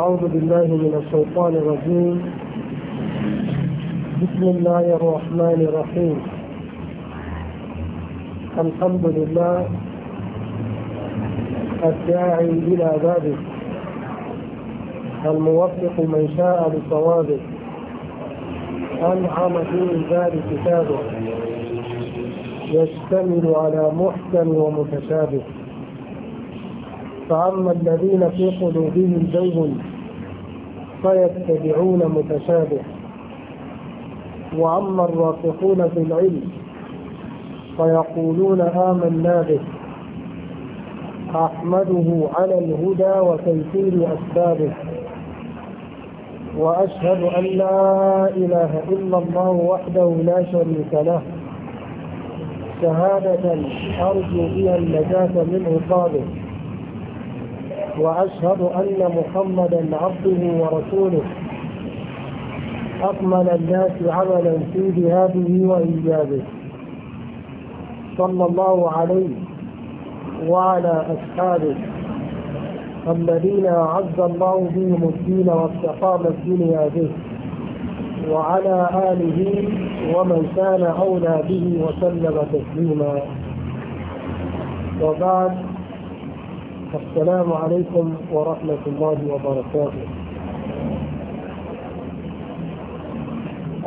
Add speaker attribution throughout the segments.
Speaker 1: أعوذ بالله من الشيطان الرجيم بسم الله الرحمن الرحيم الحمد لله الداعي إلى بابه الموفق من شاء لصوابه أنعم في عباد كتابه يشتمل على محكم ومتشابه فأما الذين في قلوبهم زيغ فيتبعون متشابه وأما الراسخون في العلم فيقولون آمنا به أحمده على الهدى وتيسير أسبابه وأشهد أن لا إله إلا الله وحده لا شريك له شهادة أرجو بها النجاة من عقابه وأشهد أن محمدا عبده ورسوله أكمل الناس عملا في ذهابه وإيجابه صلى الله عليه وعلى أصحابه الذين أعز الله بهم الدين واستقام الدنيا به وعلى آله ومن كان أولى به وسلم تسليما وبعد السلام عليكم ورحمة الله وبركاته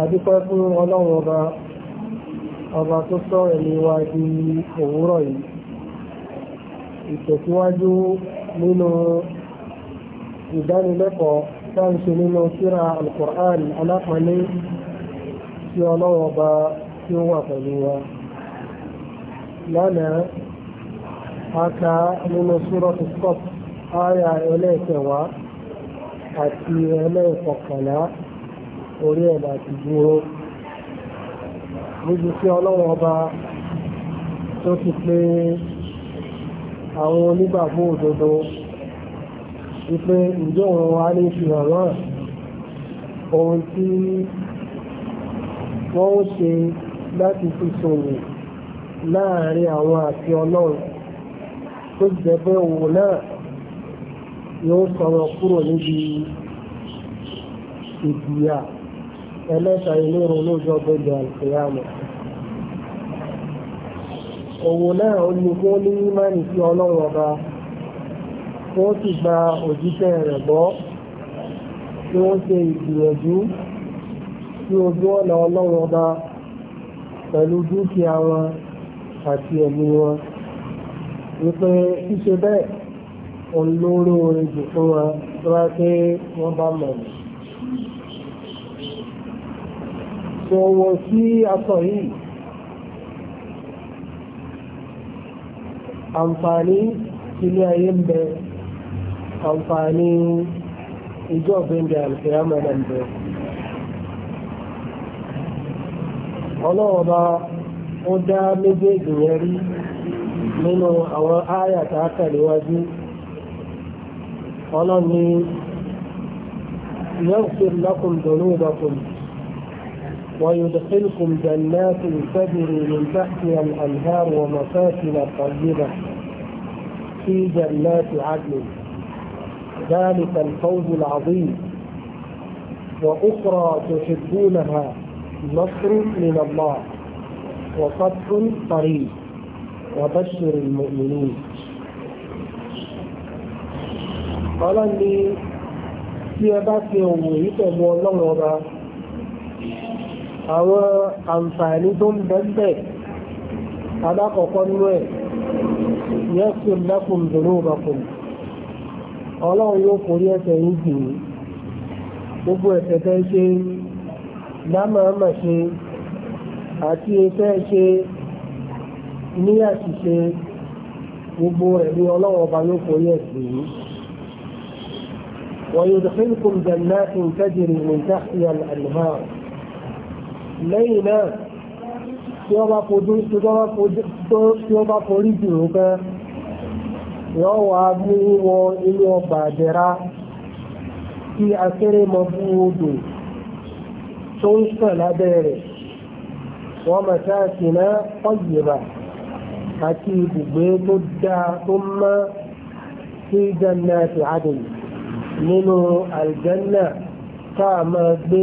Speaker 1: Adúpẹ́ fún ọlọ́run ọba ọba tó sọ ẹ̀lẹ́ wa di òwúrọ̀ yìí. Ìtẹ̀síwájú nínú ìdánilẹ́kọ̀ọ́ sáàṣe nínú síra Al-Qur'an alápàálé tí ọlọ́run ọba tí ó wà pẹ̀lú wa. Lánàá aka nínú súrọ́tù stop aya ẹlẹ́ẹ̀kẹwàá àti ẹlẹ́ẹ̀kọkànlá orí ẹ̀dà àti dúró níbi tí ọlọ́wọ́ ọba tó ti pé àwọn onígbàgbọ́ òdodo wípé ìjọ òun wa ní ìfihàn náà ohun tí wọ́n ń ṣe láti fi sòrò láàárín àwọn àti ọlọ́run tó jẹ bẹ́ òun náà yóò sọ̀rọ̀ kúrò níbi ìdìyà ẹlẹ́ta ìlérò lójọ́ gbẹ̀gbẹ̀ àìsíyàmù òun náà ó ní kó ní ìmánì sí ọlọ́run ọba ó sì gba òjíṣẹ́ rẹ̀ gbọ́ tí wọ́n ṣe ìgbìyànjú sí ojú ọ̀nà ọlọ́run ọba pẹ̀lú dúkìá wọn àti ẹ̀mí wọn wípé ṣíṣe bẹ́ẹ̀ òun lóró orin jù fún wọn tó wá pé wọ́n bá mọ̀ ní. sọ wọ sí aṣọ yìí àǹfààní ilé ayé ń bẹ àǹfààní ìjọ ìgbéǹde àlùfẹ́yàmọ̀ náà ń bẹ. ọlọ́wọ́ bá ó dá méjèèjì yẹn rí nínú àwọn ááyà tá a tẹ̀léwájú ọlọ́ni يغفر لكم ذنوبكم ويدخلكم جنات تجري من تحتها الأنهار ومساكن طيبة في جنات عدن ذلك الفوز العظيم وأخرى تحبونها نصر من الله وفتح قريب وبشر المؤمنين ọlọ́run ni tí ẹ bá fi òwò yìí pẹ̀lú ọlọ́run ọba àwọn àǹfààní tó ń bẹ́ẹ̀ alákọ̀ọ́kọ́ nínú ẹ̀ yẹ́sùn lẹ́kùn dùnú ọbàkùn ọlọ́run yóò forí ẹ̀ṣẹ̀ yìí jì í gbogbo ẹ̀ṣẹ̀ tẹ́ ṣe dámàámà ṣe àti ẹ̀ṣẹ̀ ṣe ní àṣìṣe gbogbo ẹ̀mí ọlọ́wọ́ ọba ló forí ẹ̀sìn yìí wọ́n yóò dẹ̀fẹ́ kùn jẹ̀nà ìtẹ́jìrì nìjà ìyàn àlùmá lẹ́yìn náà tí wọ́n bá fojú tí wọ́n bá forí jù ú pẹ́ yọ́ wà mú wọ inú ọgbà àjẹrá tí akẹ́rẹ́ mọ fún odò tó ń sàn lábẹ́ rẹ̀ wọ́n mọ̀ sáà sí náà pọ̀ yìí báyìí àti ibùgbé tó dáa tó mọ́ sí jannati adùn nínú àlùjànnà tá a máa gbé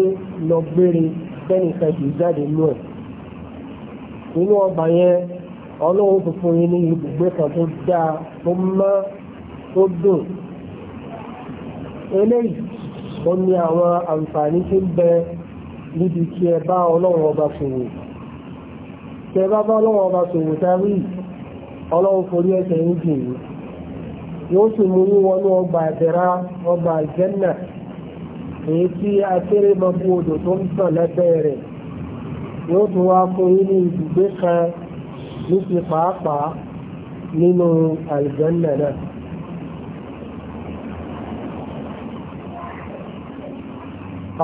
Speaker 1: lọ gbére sẹ́nìkan kì í jáde nú ẹ̀. nínú ọgbà yẹn ọlọ́run ti fún yín ní ibùgbé kan tó dáa tó mọ́ tó dùn. eléyìí ó ní àwọn àǹfààní tí ń bẹ níbi tí ẹ bá ọlọ́run ọba ṣòwò. tẹ bá bá ọlọ́run ọba ṣòwò tá a rí yìí ọlọ́run forí ẹ̀ṣẹ̀ ń jì yìí yóò sì mú yín wọnú ọgbà àdẹ̀rà ọgbà àjẹ́nà èyí tí akéré mọ́kú odò tó ń tàn lẹ́gbẹ́ rẹ̀ yóò tún wá fún yín ní ibùgbé kan ní ti pàápàá nínú àjẹ́nà náà.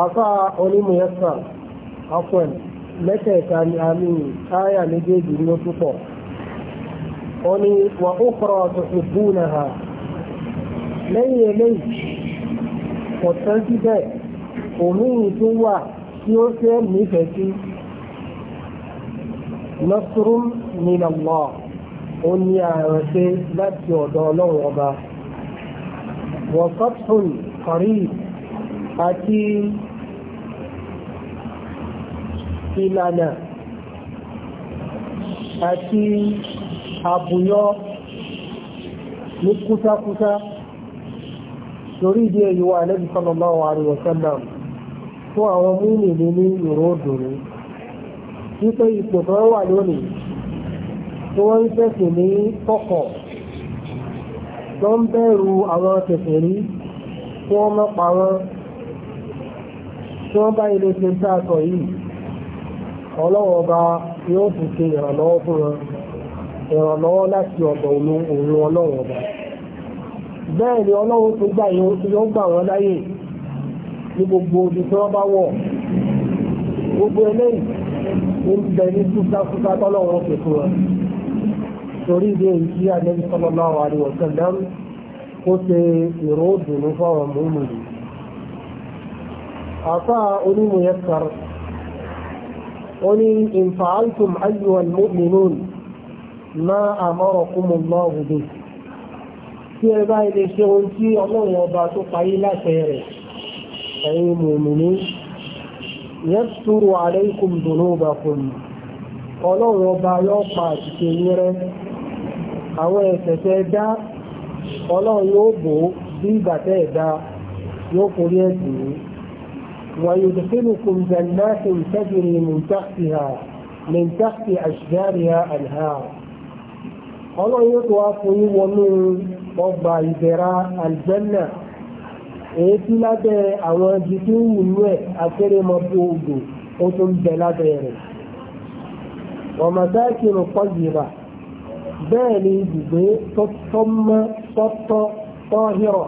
Speaker 1: Àfá onímọ̀ yẹ́sà, afọ́n, mẹ́tẹ̀ẹ̀ta ni a ní káyà méjèèjì ní ó túpọ̀ wọ́n ní wà ó kọ́rọ̀ tuntun búna ha lẹ́yìn eléyìí kò tán síbẹ̀ òmíì tún wà tí ó fẹ́ nífẹ̀ẹ́ sí nasrun min ó ní àrẹ̀ṣe láti ọ̀dọ̀ ọlọ́run ọba wọ́n sọ́tún àti ìlànà àti àbúyọ́ ní kúsákúsá torí ìdí èyí wa Ànábì sallallahu alaihi wasallam fún àwọn múlùmí ní ìró òdòrò wípé ipò tó wà lónìí tí wọ́n ń tẹ̀sìn ní kọ̀kọ̀ tó ń bẹ̀rù àwọn tẹ̀sìn rí tí wọ́n mọ́ pa wọ́n tí wọ́n bá ilé ṣe ń tààtọ̀ yìí ọlọ́wọ́ ọba yóò fi ṣe ìrànlọ́wọ́ fún wọn ìrànlọ́wọ́ láti ọ̀dọ̀ òun ọlọ́run ọba bẹ́ẹ̀ ni ọlọ́run tó gbà yóò gbà wọ́n láyè ní gbogbo ibi tí wọ́n bá wọ̀ gbogbo eléyìí ń bẹ ní fúsáfúsá tọ́lọ́run fi fún wọn torí ilé ìjí àdébí sallallahu alaihi wasallam ó ṣe ìró òdùnú fáwọn mọ́mù yìí onímọ̀ yẹn kar ó ní in fa'altum ayyuhal máa àmọ́rọ̀ kún mọ́ mọ́ òde tí ẹ bá ilé ṣe ohun tí ọlọ́run ọba tó payé láṣẹ rẹ̀ ẹ̀yin mòmìnì yẹ́sùrù àlẹ́kùn dùnú ọba fún mi ọlọ́run ọba yóò pa àṣìṣe yín àwọn ẹ̀ṣẹ̀ dá ọlọ́run yóò bò تجري من تحتها من تحت أشجارها أنهار ọlọ́run yóò tó wá fún yín wọnú ọgbà ìbẹ̀rà àlùjànnà èyí tí lábẹ́ àwọn ibi tí ń wù ní ẹ̀ akérèmọ́bí ogun ó tún bẹ lábẹ́ rẹ̀ ọ̀mọ̀dáìkì rò pọ̀ bẹ́ẹ̀ ni ibùgbé tó tọ́tọ́ tọ́hìrọ̀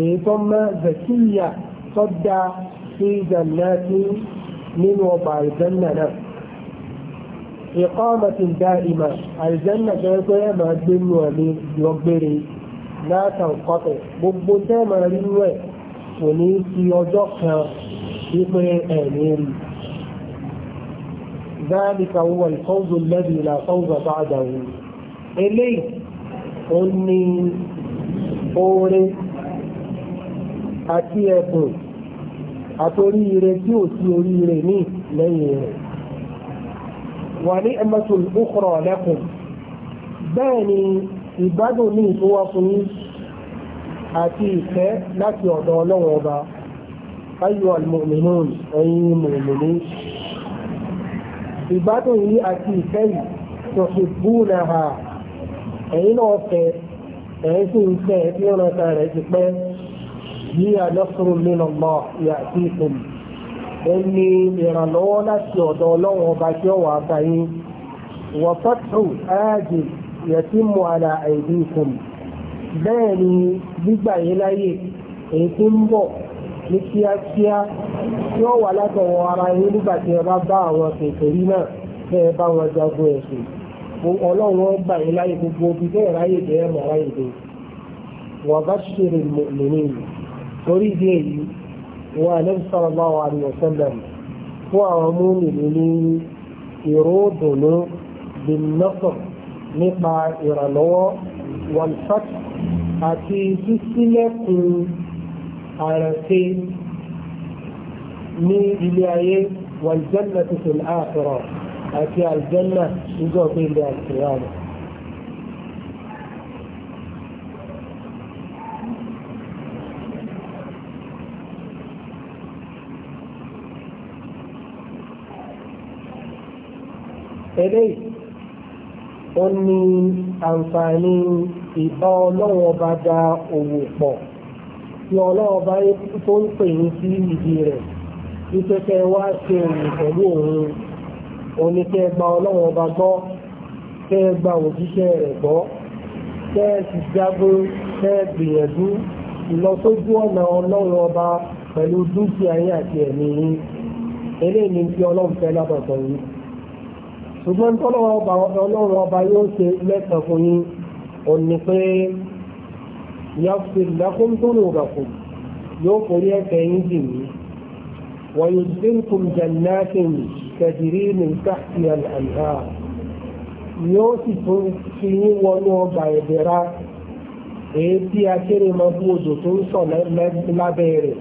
Speaker 1: èyí tó zakiya tó da sí ìjànà nínú ọgbà ìjànà náà. إقامة دائمة الجنة كيفية ما تبنوا من يقبري لا تنقطع ببتا ما لنوى ونيسي يجوكا يقري آمين ذلك هو الفوز الذي لا فوز بعده إليه أني أوري أتيكم أتوري رتي وتوري رمي ليه ونعمة أخرى لكم بني البدني هو أتيك لا تعطى لغضا أيها المؤمنون أي المؤمنين البدني أتيك تحبونها أين أفكر أين أفكر أين أفكر هي نصر من الله يأتيكم ó ní ìrànlọ́wọ́ láti ọ̀dọ̀ ọlọ́run ọba tí ó wà bá wọ́pọ̀tù áàjì yẹtí mu àlà àìdí ìkùn bẹ́ẹ̀ ni gbígbà yín láyè èyí tí ń bọ̀ ní kíákíá tí ó wà ara yín nígbà tí ẹ bá bá àwọn náà tẹ́ ẹ bá wọn jagun ẹ̀sìn ọlọ́run gbà gbogbo bẹ́ẹ̀ ráyè ráyè wọ́n bá wọn ànábì sallallahu alaihi wasallam fún àwọn múmìnì ní ìró dùnú bin nasr nípa ìrànlọ́wọ́ wal fath àti sísílẹ̀kùn àrẹ̀sẹ̀ ní ilé ayé wal jannati fil akhirah àti àlùjẹ́nà ìjọba ilé àkìyàmù. eléyìí ó ní àǹfààní ìbá ọlọ́run ọba da òwò pọ̀ tí ọlọ́run ọba tó ń pè ní sí ìdí rẹ̀ ìpẹ́kẹ́ wá ṣe òwò pẹ̀lú òun oníkẹ́ gba ọlọ́run ọba gbọ́ kẹ́ gba òjíṣẹ́ rẹ̀ gbọ́ kẹ́ sì jágún kẹ́ gbìyànjú ìlọsójú ọ̀nà ọlọ́run ọba pẹ̀lú dúkìá yín àti ẹ̀mí yín eléyìí ni tí ọlọ́run fẹ́ lábàtọ̀ yìí ṣùgbọ́n tọ́lọ́run ọba yóò ṣe lẹ́sàn fún yín ò ní pé yàtọ̀ lẹ́kùn tó lò rẹ̀kùn yóò forí ẹ̀fẹ̀ yín jì mí wọ́n yóò dín kùn jẹ̀nẹ́tìn kẹ̀dìrí ní káàkiri àlàyé yóò sì tún fi yín wọnú ọgbà ìdẹ̀ra èyí tí akéré máa tó ń sọ lábẹ́ rẹ̀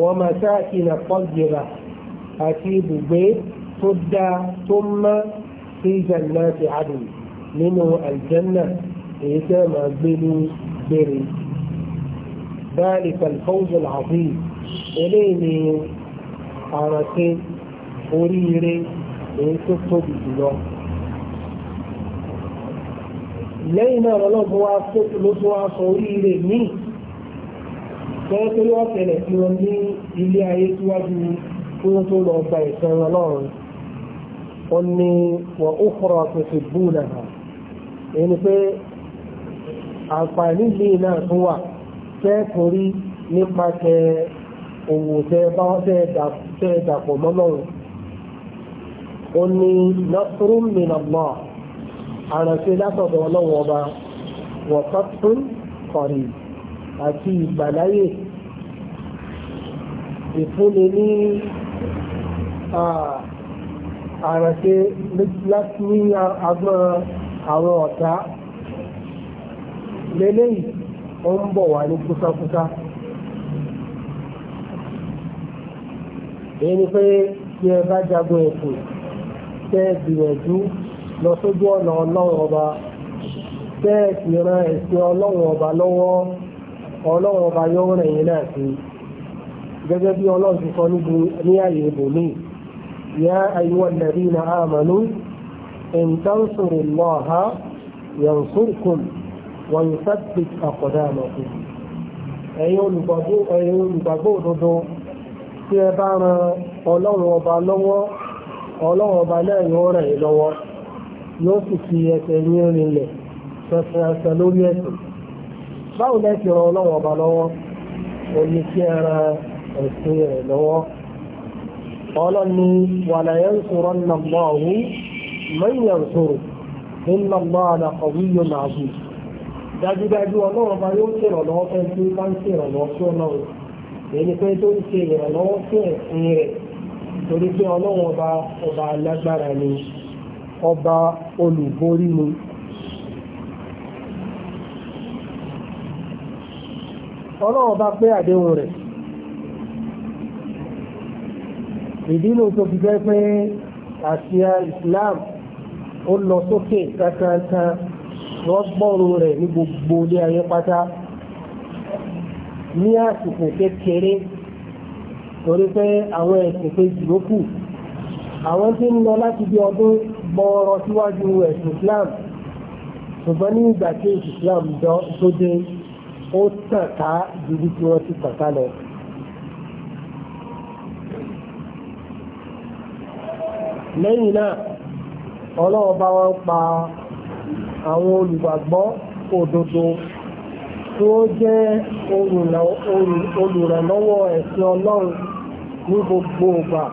Speaker 1: wọ́n máa sáà kí nà pọ́jìrà àti ibùgbé tó dá tó mọ́ sí jannati adùn nínú aljanna èyí tẹ́ máa gbé ní gbére ذلك الفوز العظيم eléyìí ni àrànṣe oríire èyí tó tóbi jùlọ lẹ́yìn náà lọ́lọ́gbọ́n wá ló tún wá sọ oríire míì tọ́wọ́ ọ̀tẹ̀lẹ̀ tí wọ́n ní ilé ayé síwájú kí wọ́n tó lọ gba ìsan ọlọ́run ó ní wọ́n ó kọ́rọ̀ tó fi bú náà èyí ni pé àǹfààní yìí náà tún wà kẹ́ẹ̀kùn rí nípasẹ̀ òwò tẹ bá tẹ dàpọ̀ mọ́lọ́run ó ní nasrun min Allah àrànṣe látọ̀dọ̀ ọlọ́run ọba wọ̀tọ́tún kọ̀rì àti ìgbàláyè ìfúnni ní àrànṣe láti ní agbọ́n àwọn ọ̀tá lélẹ́yìí ó ń bọ̀ wá ní kúsákúsá èyí ni pé tí ẹ bá jagun ẹ̀sìn tẹ́ gbìyànjú lọ sójú ọ̀nà ọlọ́run ọba tẹ́ sì ran ẹ̀sìn ọlọ́run ọba lọ́wọ́ ọlọ́run ọba yóò rẹ̀yìn náà sí gẹ́gẹ́ bí ọlọ́run ti sọ ní àyè ibòmíì يا أيها الذين آمنوا إن تنصروا الله ينصركم ويثبت أقدامكم أيها البابو دودو tí ẹ bá ran ọlọ́run ọba lọ́wọ́ ọlọ́run ọba náà yóò ràn yín lọ́wọ́ yóò sì fi ẹsẹ̀ yín rinlẹ̀ ṣẹṣẹṣẹ lórí ẹ̀sìn báwo lẹ́sìn ran ọlọ́run ọba lọ́wọ́ òní kí ẹ ran ẹ̀sìn rẹ̀ lọ́wọ́ ọlọ́run ni wala yansuranna Allahu man yansuruhu inna Allaha laqawiyyun aziz dájúdájú ọlọ́run bá yóò ṣèrànlọ́wọ́ fẹ́ tí ó bá ń ṣèrànlọ́wọ́ sí ọlọ́run èyí pé tó ń ṣe ìrànlọ́wọ́ sí ẹ̀sìn rẹ̀ torí pé ọlọ́run ọba ọba alágbára ni ọba olùborí ni. ọlọ́run bá pé àdéhùn rẹ̀. ìdínú tó fi jẹ́ pé àṣìá Islam ó lọ sókè kankan wọ́n gbọ́rù rẹ̀ ní gbogbo ilé ayé pátá ní àsìkò kékeré torí pé àwọn ẹ̀sìn kejì ló kù àwọn tí ń lọ láti bí ọdún gbọ́ọ̀rọ̀ síwájú ẹ̀sìn Islam ṣùgbọ́n ní ìgbà tí Islam tó dé ó tàn ká ju bí tí wọ́n ti tàn ká lẹ́yìn náà ọlọ́run bá wọn pa àwọn olùgbàgbọ́ òdodo tí ó jẹ́ olùrànlọ́wọ́ ẹ̀sìn ọlọ́run ní gbogbo ìgbà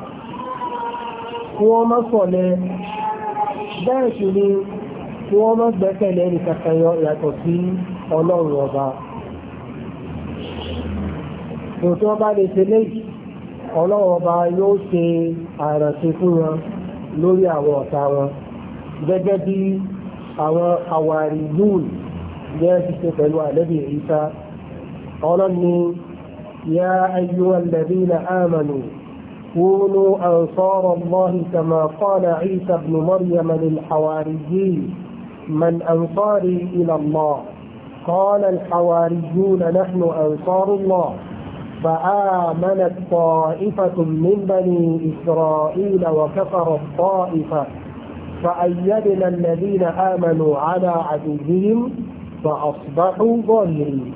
Speaker 1: kí wọ́n má sọ̀lẹ̀ bẹ́ẹ̀ sì ni kí wọ́n má gbẹ́kẹ̀lé ẹni kankan yàtọ̀ sí ọlọ́run ọba tòótọ́ bá lè ṣe léyìí ọlọ́run ọba yóò ṣe àràṣe fún wọn lórí àwọn ọ̀tá wọn gẹ́gẹ́ bí àwọn àwárí yúùn gẹ́gẹ́ ti ṣe pẹ̀lú àlẹ́bí Ìsá ọlọ́ni ya ayyuhal ladhina amanu كونوا أنصار الله كما قال عيسى ابن مريم للحواريين من أنصاري إلى الله قال الحواريون نحن أنصار الله فآمن الطائفة من بني إسرائيل وكفر الطائفة فأيدنا الذين آمنوا على عدوهم فأصبحوا ظاهرين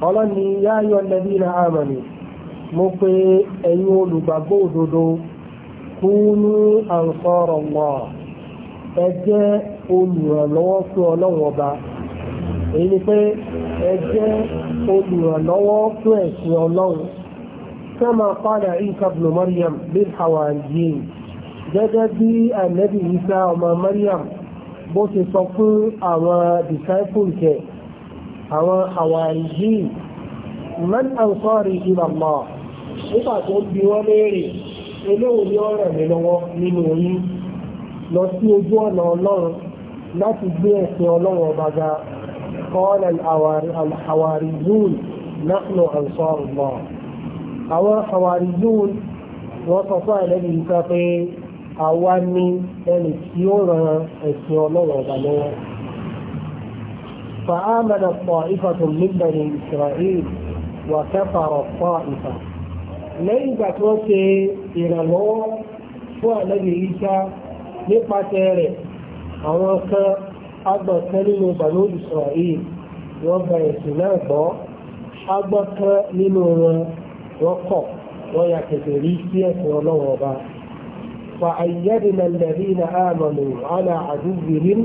Speaker 1: قال يا أيها الذين آمنوا مطيع أيول بقودد كونوا أنصار الله أجاء أولي الله èyí ni pé ẹ jẹ́ olùrànlọ́wọ́ fún ẹ̀sìn ọlọ́run kama qala Isa ibn Maryam bil hawariyin gẹ́gẹ́ bí ànábì Isa ọmọ Maryam bó ti sọ fún àwọn disciples ẹ̀ àwọn hawariyin man ansari ila Allah nígbà tó bí wọ́n léèrè eléwòó ni ọ̀rọ̀ mi lọ́wọ́ nínú yín lọ sí ojú ọ̀nà ọlọ́run láti gbé ẹ̀sìn ọlọ́run ọba ga قال الحواريون نحن أنصار الله أو الحواريون وصفا الذي يتقي أواني أن يرى السيولة وغلوة فآمنت طائفة من بني إسرائيل وكفر الطائفة ليس توسي إلى الله فهو الذي يسا نقطة رẹ̀ agbọ̀n kan nínú bàbá Israel wọ́n gba ẹ̀sìn náà gbọ́ agbọ̀n kan nínú wọn wọ́n kọ̀ wọ́n yà kẹ̀kẹ́ rí sí ẹ̀sìn ọlọ́wọ́ ọba. فأيدنا الذين آمنوا على عدوهم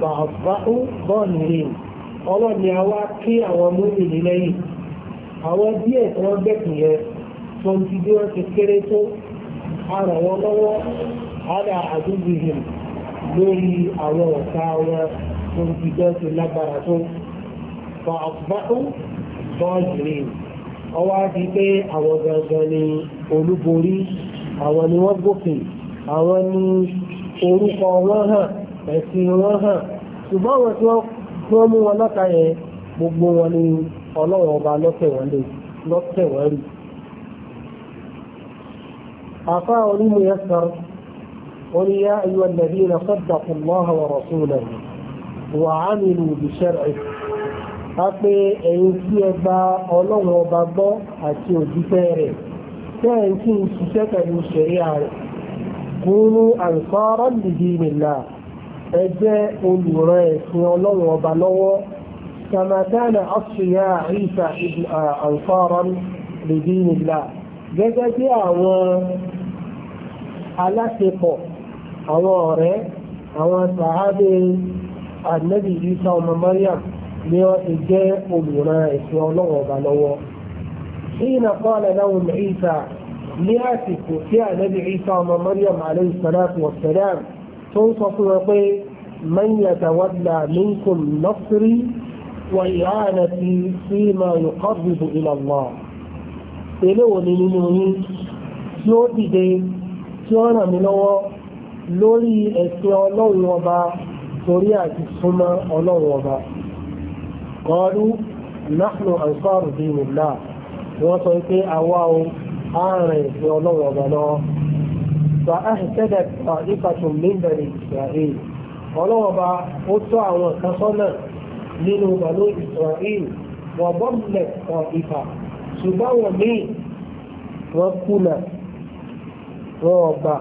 Speaker 1: فأصبحوا ظاهرين ọlọ́run ni a wá kí àwọn múmìnì lẹ́yìn àwọn díẹ̀ tí wọ́n gbẹ̀kùn yẹn tó ń ti bí wọ́n ti kéré tó ara lọ́wọ́ ara àdúgbò lórí àwọn ọ̀tá wọn tó ti jẹ́ ti lágbára tó fa àkùbákú bọ́ọ̀lù rí di pé àwọn gangan ni olúborí àwọn ni wọ́n gòkè àwọn ni orúkọ wọn hàn ẹ̀sìn wọn hàn ṣùgbọ́n àwọn tí wọ́n mú wọn lọ́ta yẹn gbogbo wọn ni ọlọ́run ọba lọ́tẹ̀ wọn lè lọ́tẹ̀ wọn rí. àfa onímọ̀ yẹn sọ̀rọ̀ قل يا أيها الذين صدقوا الله ورسوله وعملوا بشرعه أقي أيوكي أبا أولو وبابا أتيو دفاري كأنكي سكتا المشريع كونوا أنصارا لدين الله أجاء الوراث أولو وبالو كما كان أصفياء عيسى أنصارا لدين الله gẹ́gẹ́ bí àwọn aláṣepọ̀ àwọn ọ̀rẹ́ àwọn sàábé ànábì Ìsá ọmọ Maryam ni wọ́n ti jẹ́ olùran ẹ̀sìn ọlọ́wọ́ ọba lọ́wọ́ حين قال لهم عيسى لآتك يا نبي عيسى ọmọ Maryam عليه الصلاة والسلام tó ń sọ fún wọn pé man yatawalla minkum nasri wa i'anati fi ma yuqarribu ila Allah. Èlé wo nínú yín tí ó dìde tí ó ràn mí lọ́wọ́ lórí ẹ̀sìn ọlọ́run ọba torí àti súnmọ́ ọlọ́run ọba kọlu nahnu ansaru dinillah wọ́n sọ pé àwa o ààrẹ ẹ̀sìn ọlọ́run ọba lọ́wọ́ fa ahtada ta'ifatun min bani isra'il ọlọ́run ọba ó tọ́ àwọn kan nínú bani isra'il wọ́n bọ́ọ̀lẹ̀ ta'ifa ṣùgbọ́n wọ́n míì wọ́n kùnà wọ́n ọba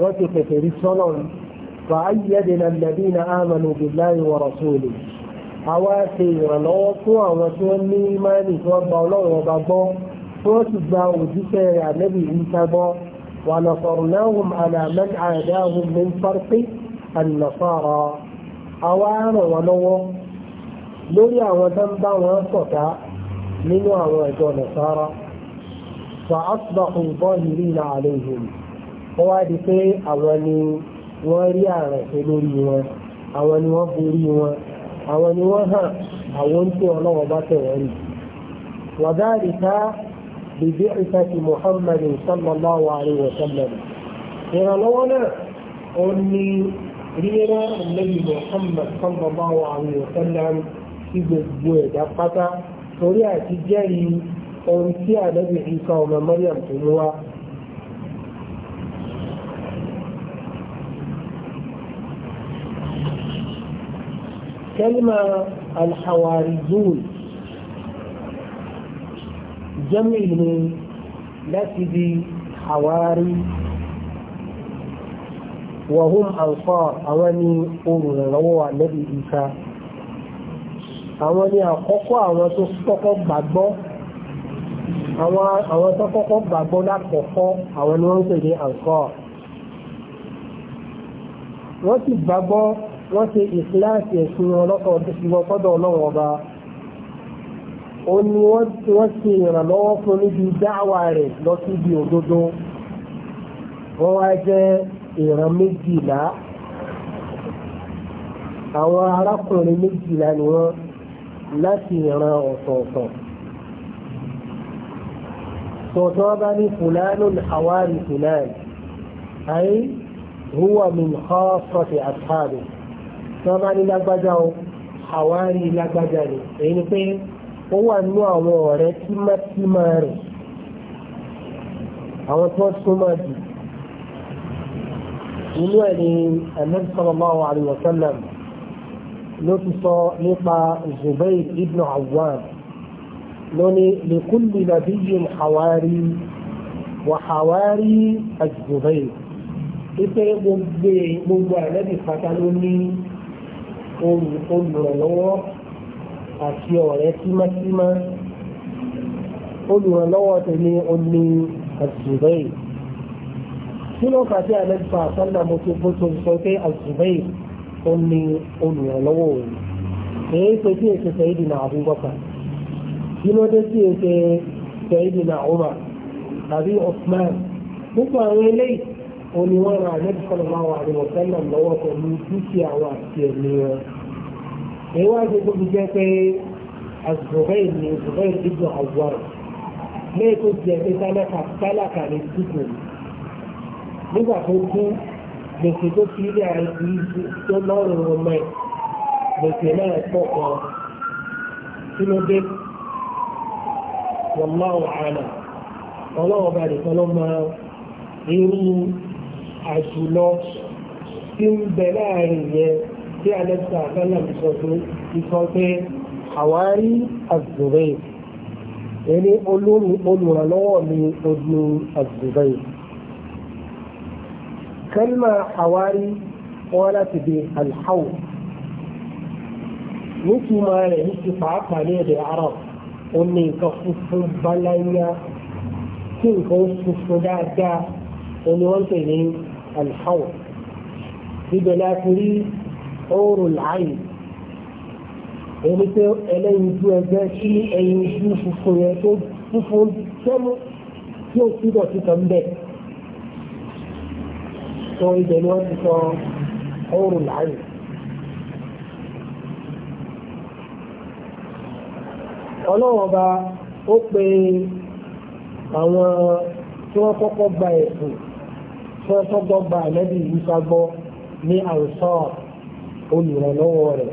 Speaker 1: wọ́n ti pẹ̀fẹ̀ rí sọ́nà فأيدنا الذين آمنوا بالله ورسوله àwa ṣe ìrànlọ́wọ́ fún àwọn tí wọ́n ní ìmáàlì tí wọ́n gba ọlọ́run ọba gbọ́ tí wọ́n sì gba òjíṣẹ́ ànábì ìta gbọ́ wà nasarnahum ala man àdáhùn min farqi an-nasara àwa lọ́wọ́ lórí àwọn tó ń bá wọn ṣọ̀tá nínú àwọn ẹ̀jọ́ nàṣàrà wọ́n wá di pé àwọn ni wọ́n rí ààrẹ pé lórí wọn àwọn ni wọ́n borí wọn àwọn ni wọ́n hàn àwọn tí ọlọ́wọ́ bá tẹ̀ wọ́n rí. وذلك ببعثة محمد صلى الله عليه وسلم ìrànlọ́wọ́nà ó ní ríra lẹ́yìn Muhammad sallallahu alaihi wa sallam sí gbogbo ẹ̀dá pátá torí àti jẹ́rìí ohun tí ànábì Ìsá ọmọ Maryam tó mú wá الكلمة الحواريون جمع من لسدي حواري وهم أنصار أولي أولي روى النبي إيسى àwọn ni àkọ́kọ́ àwọn tó kọ́kọ́ gbàgbọ́ àwọn tó kọ́kọ́ gbàgbọ́ lákọ̀ọ́kọ́ àwọn ni wọ́n ń pè ní àǹkọ́ wọ́n ti gbàgbọ́ wọ́n ṣe ìkíláàsì ẹ̀sìn ìwọ̀sọ́dọ̀ ọlọ́run ọba ó ní wọ́n ṣe ìrànlọ́wọ́ fún níbi dáwà rẹ̀ lọ sí ibi òdodo wọ́n wá jẹ́ ìran méjìlá àwọn arákùnrin méjìlá ni wọ́n láti ìran ọ̀tọ̀ọ̀tọ̀ tọ̀tọ̀ bá ní fùlánù àwárí fùlánù àyí huwa min khaasati ashabi tí wọ́n bá ní lágbájá o àwárí lágbájá rẹ̀ èyí ni pé ó wà nínú àwọn ọ̀rẹ́ tímátímá rẹ̀ àwọn tí wọ́n súnmọ́ jù inú ẹ̀ ni Ànábì sallallahu ló ti sọ nípa Zubair ibn Awwam لوني لكل نبي حواري وحواري الزبير ipe gbogbo gbogbo ànábì pátá ló ní olùrànlọ́wọ́ àti ọ̀rẹ́ tímọ́tímọ́ olùrànlọ́wọ́ tẹ̀lé omi àzùbẹ́yì kí ló fà sí àlẹ́gbà sọ́nà mo ti bó tó sọ pé àzùbẹ́yì ó ní olùrànlọ́wọ́ òun èyí pé kí èsì Sayyidina Abubakar kí ló dé sí èsì Sayyidina Umar àbí Usman gbogbo àwọn eléyìí ó ní wọ́n ra àlẹ́ ìfọ̀nà máa wà ní ọ̀sẹ́nà lọ́wọ́ pẹ̀lú dúkìá wa àti ẹ̀mí wọn. èyí wá gbogbo fi jẹ́ pé azùbẹ́ ìní azùbẹ́ ìdíjọ àwọn lẹ́yìn tó jẹ́ pé tálákà tálákà ní dúkù nígbà tó kú gbèsè tó fi ilé ààrẹ ti tó lọ́rùn ọmọ ẹ̀ gbèsè náà pọ̀ kan kí ló dé wọ́n máa ọlọ́wọ́ bá nìkan ló máa irú àjùlọ tí ń bẹ láàrin yẹn tí alẹ́sà àtàlà sọ pé ìsọ pé àwárí àzùrẹ́ ẹni olùrànlọ́wọ́ mi ojú àzùrẹ́ kalma àwárí wọn láti di alhau nítumọ̀ rẹ̀ ní ti pàápàá ní èdè arab ó ní nǹkan funfun báláyá tí nǹkan funfun dáadáa ẹni wọ́n pè alhawa bíbẹ̀ láti rí oòrùn láàyè ẹni pé ẹlẹ́yin ju ẹgbẹ́ sí ẹyin ju funfun yẹn tó funfun tẹ́mú tí ó túbọ̀ sí kan bẹ́ẹ̀. sọ ibẹ̀ ni wọ́n ti sọ oòrùn láàyè. ọlọ́wọ́ ọba ó pe àwọn tí wọ́n kọ́kọ́ gba ẹ̀sùn tọ́tọ́ gba ànábì Ìsá gbọ́ ní àwùsọ olùrànlọ́wọ́ rẹ̀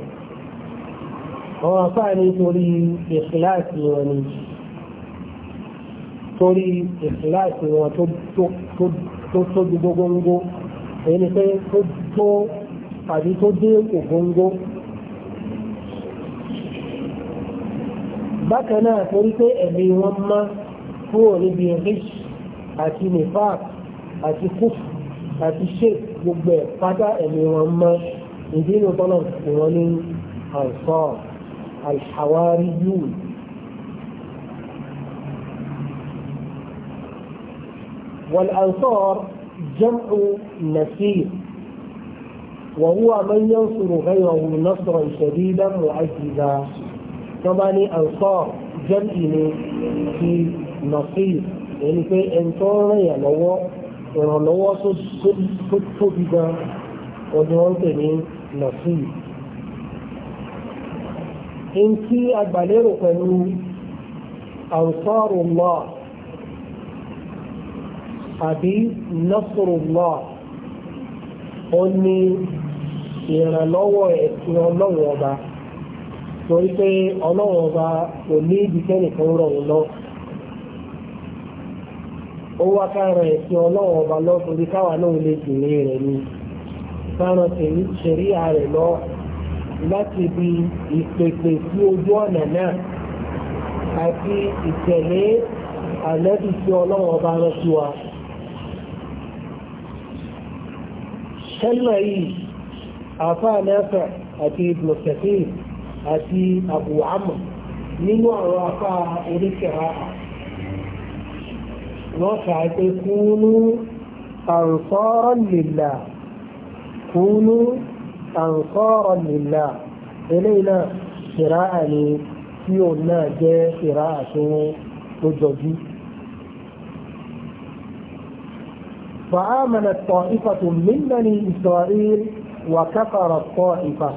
Speaker 1: àwọn afáà nítorí ìkìláàsì wọn ni torí ìkìláàsì wọn tó tóbi gbogbo èyí ni pé tó tó tàbí tó dé ògóngó bákan torí pé ẹ̀mí wọn má kúrò níbi rich àti nifaq àti kú àti ṣe gbogbo ẹ̀ pátá ẹ̀mí wọn mọ́ ìdí inú tọ́lọ̀ pè wọ́n ní àìsọ́ àìsàwárí yìí. والأنصار جمع نسير وهو من ينصر غيره نصرا شديدا معززا طبعا انصار جمع في نصير يعني في انصار يلوى ìrànlọ́wọ́ tó tóbi gan ọdún wọn pè ní nàfíì in tí agbàlérò pẹ̀lú ansarullah àbí nasrullah ó ní ìrànlọ́wọ́ ẹ̀sìn ọlọ́run ọba torí pé ọlọ́run ọba kò ní ibi kẹ́nìkan rọrùn lọ́wọ́ ó wá kára ẹ̀sìn ọlọ́run ọba lọ torí káwa náà lè dìré rẹ̀ ni kára tèmi ṣẹ̀rí ààrẹ lọ láti bi ìpèpè sí ojú ọ̀nà náà àti ìtẹ̀lé àlẹ́bí sí ọlọ́run ọba rántí wa. kẹ́lá yìí àfáà náfà àti ibn kathir àti abu amr nínú àwọn afáà oníkẹ́ra wọ́n kà á pé kúnú àrùsọ́rọ̀ lìlà kúnú àrùsọ́rọ̀ lìlà eléyìí náà ṣìrá àní tí òun náà jẹ́ ṣìrá àtúnwó tó jọjú. فآمنت طائفة من بني إسرائيل وكفرت طائفة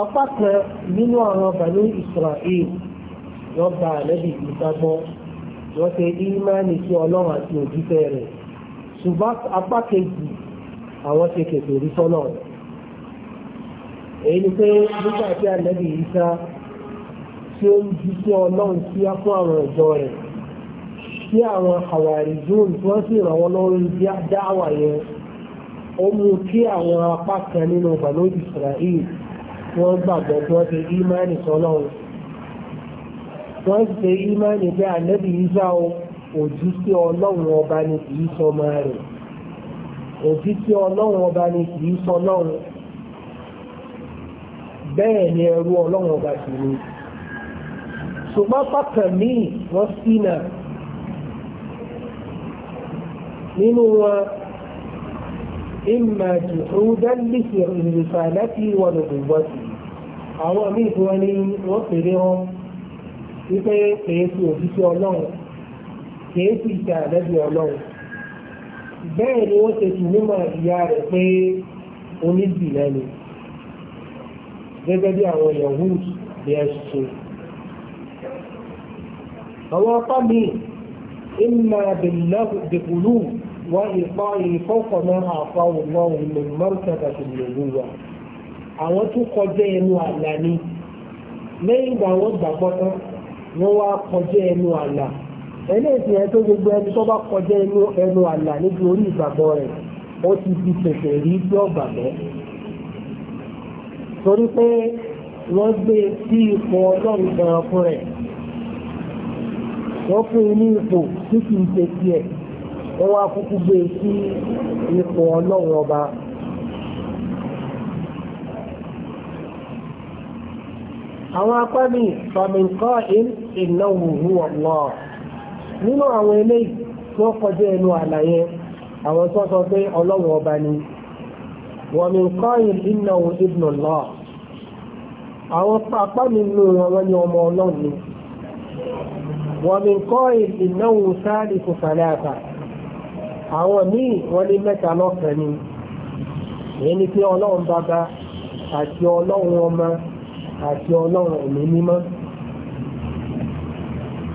Speaker 1: apá kan nínú àwọn bàní Israel lọ́ba àlẹ́bí ìgbàgbọ́ wọ́n ṣe ìmánì sí ọlọ́run àti òjíṣẹ́ rẹ̀ ṣùgbọ́n apá kejì àwọn ṣe kètò rí sọ́nà rẹ̀ èyí ni pé nígbà tí ànábì Ìsá tí ó ń jíṣẹ́ ọlọ́run sí fún àwọn ìjọ rẹ̀ tí àwọn àwàrí june tí wọ́n sì ràn wọ́n lórí dáwà yẹn ó mú kí àwọn apá kan nínú bàlóòdì Israel wọ́n gbàgbọ́ tí wọ́n ṣe ìmánì sọ́lọ́run wọ́n ṣe ìmáàní pé ànábì Ìsá òjíṣẹ́ ọlọ́run ọba ni kì í sọmọ rẹ̀ òjíṣẹ́ ọlọ́run ọba ni kì í sọlọ́run bẹ́ẹ̀ ni ẹrú ọlọ́run ọba sì ni ṣùgbọ́n pàtàkì míì wọ́n sí náà nínú wọn ìmọ̀ jùhúdán lìsì ìrìnsàlẹ́tì wọn lòdùn bọ́sì àwọn míì tí wọ́n ní wọ́n pèrè wọn wípé kèé fi òjíṣẹ́ ọlọ́run kèé fi ìṣẹ́ àlẹ́bí ọlọ́run bẹ́ẹ̀ ni wọ́n ṣe tù nímọ̀ ìyá rẹ̀ pé onídìlẹ́ ni gẹ́gẹ́ bí àwọn yahoo bí ẹ ṣe. àwọn apá mi ìmọ̀ bìkúlù wọ́n ìpa ìfọ́kọ̀ náà àpá mọ́tàkà tó lè wúwa. àwọn tó kọjá ẹnu àlá lẹ́yìn ìgbà wọn gbàgbọ́ tán wọ́n wá kọjá ẹnu àlà ẹlẹ́sìn ẹ̀ tó gbogbo ẹni tó bá kọjá ẹnu àlà níbi orí ìgbàgbọ́ rẹ̀ ó ti di tẹ̀tẹ̀ rí bí ọ̀gbàgbọ́ torí pé wọ́n gbé sí ipò ọlọ́run gan fún rẹ̀ wọ́n fún un ní ipò tí kì í ṣe tiẹ̀ wọ́n wá kúkú gbé sí ipò ọlọ́run ọba àwọn apá mi fàmìkọ́ ìnáwó huwa Allah nínú àwọn eléyìí tó kọjá ẹnu àlàyé àwọn tó sọ pé ọlọ́wọ́ ọba ni wọ́n mi kọ́ ìnáwó ibnu Allah àwọn apá mi nù wọn ni ọmọ ọlọ́run ni wọ́n mi kọ́ ìnáwó sáàlì kò àtà àwọn míì wọ́n ní mẹ́ta lọ́fẹ̀ẹ́ ni èyí ni pé ọlọ́run bàbá àti ọlọ́run ọmọ àti ọlọ́run ẹ̀mí mímọ́.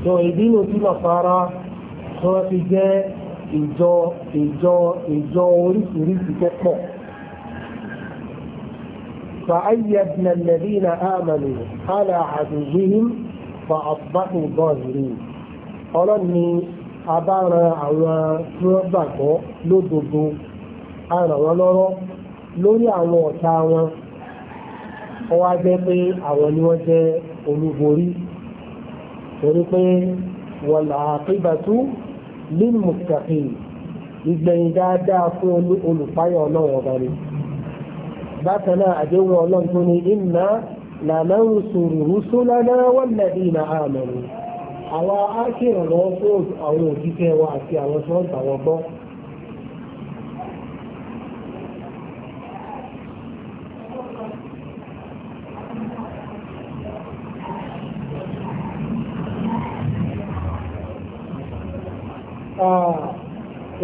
Speaker 1: tó ìdínú tí nàfàrà tí wọ́n fi jẹ́ ìjọ ìjọ ìjọ oríṣiríṣi tó pọ̀. فأيدنا الذين آمنوا على عدوهم فأصبحوا ظاهرين ọlọ́run ni a bá ran àwọn tí wọ́n gbàgbọ́ lódodo a ràn wọ́n lọ́rọ̀ lórí àwọn ọ̀tá wọn ó wá jẹ́ pé àwọn ni wọ́n jẹ́ olúborí torí pé wal aqibatu lil muttaqin ìgbẹ̀yìn dáadáa fún olùpáyọ̀ ọlọ́run ọba ni bákan náà àdéhùn ọlọ́run ní inna lanansuru rusulana wọ́n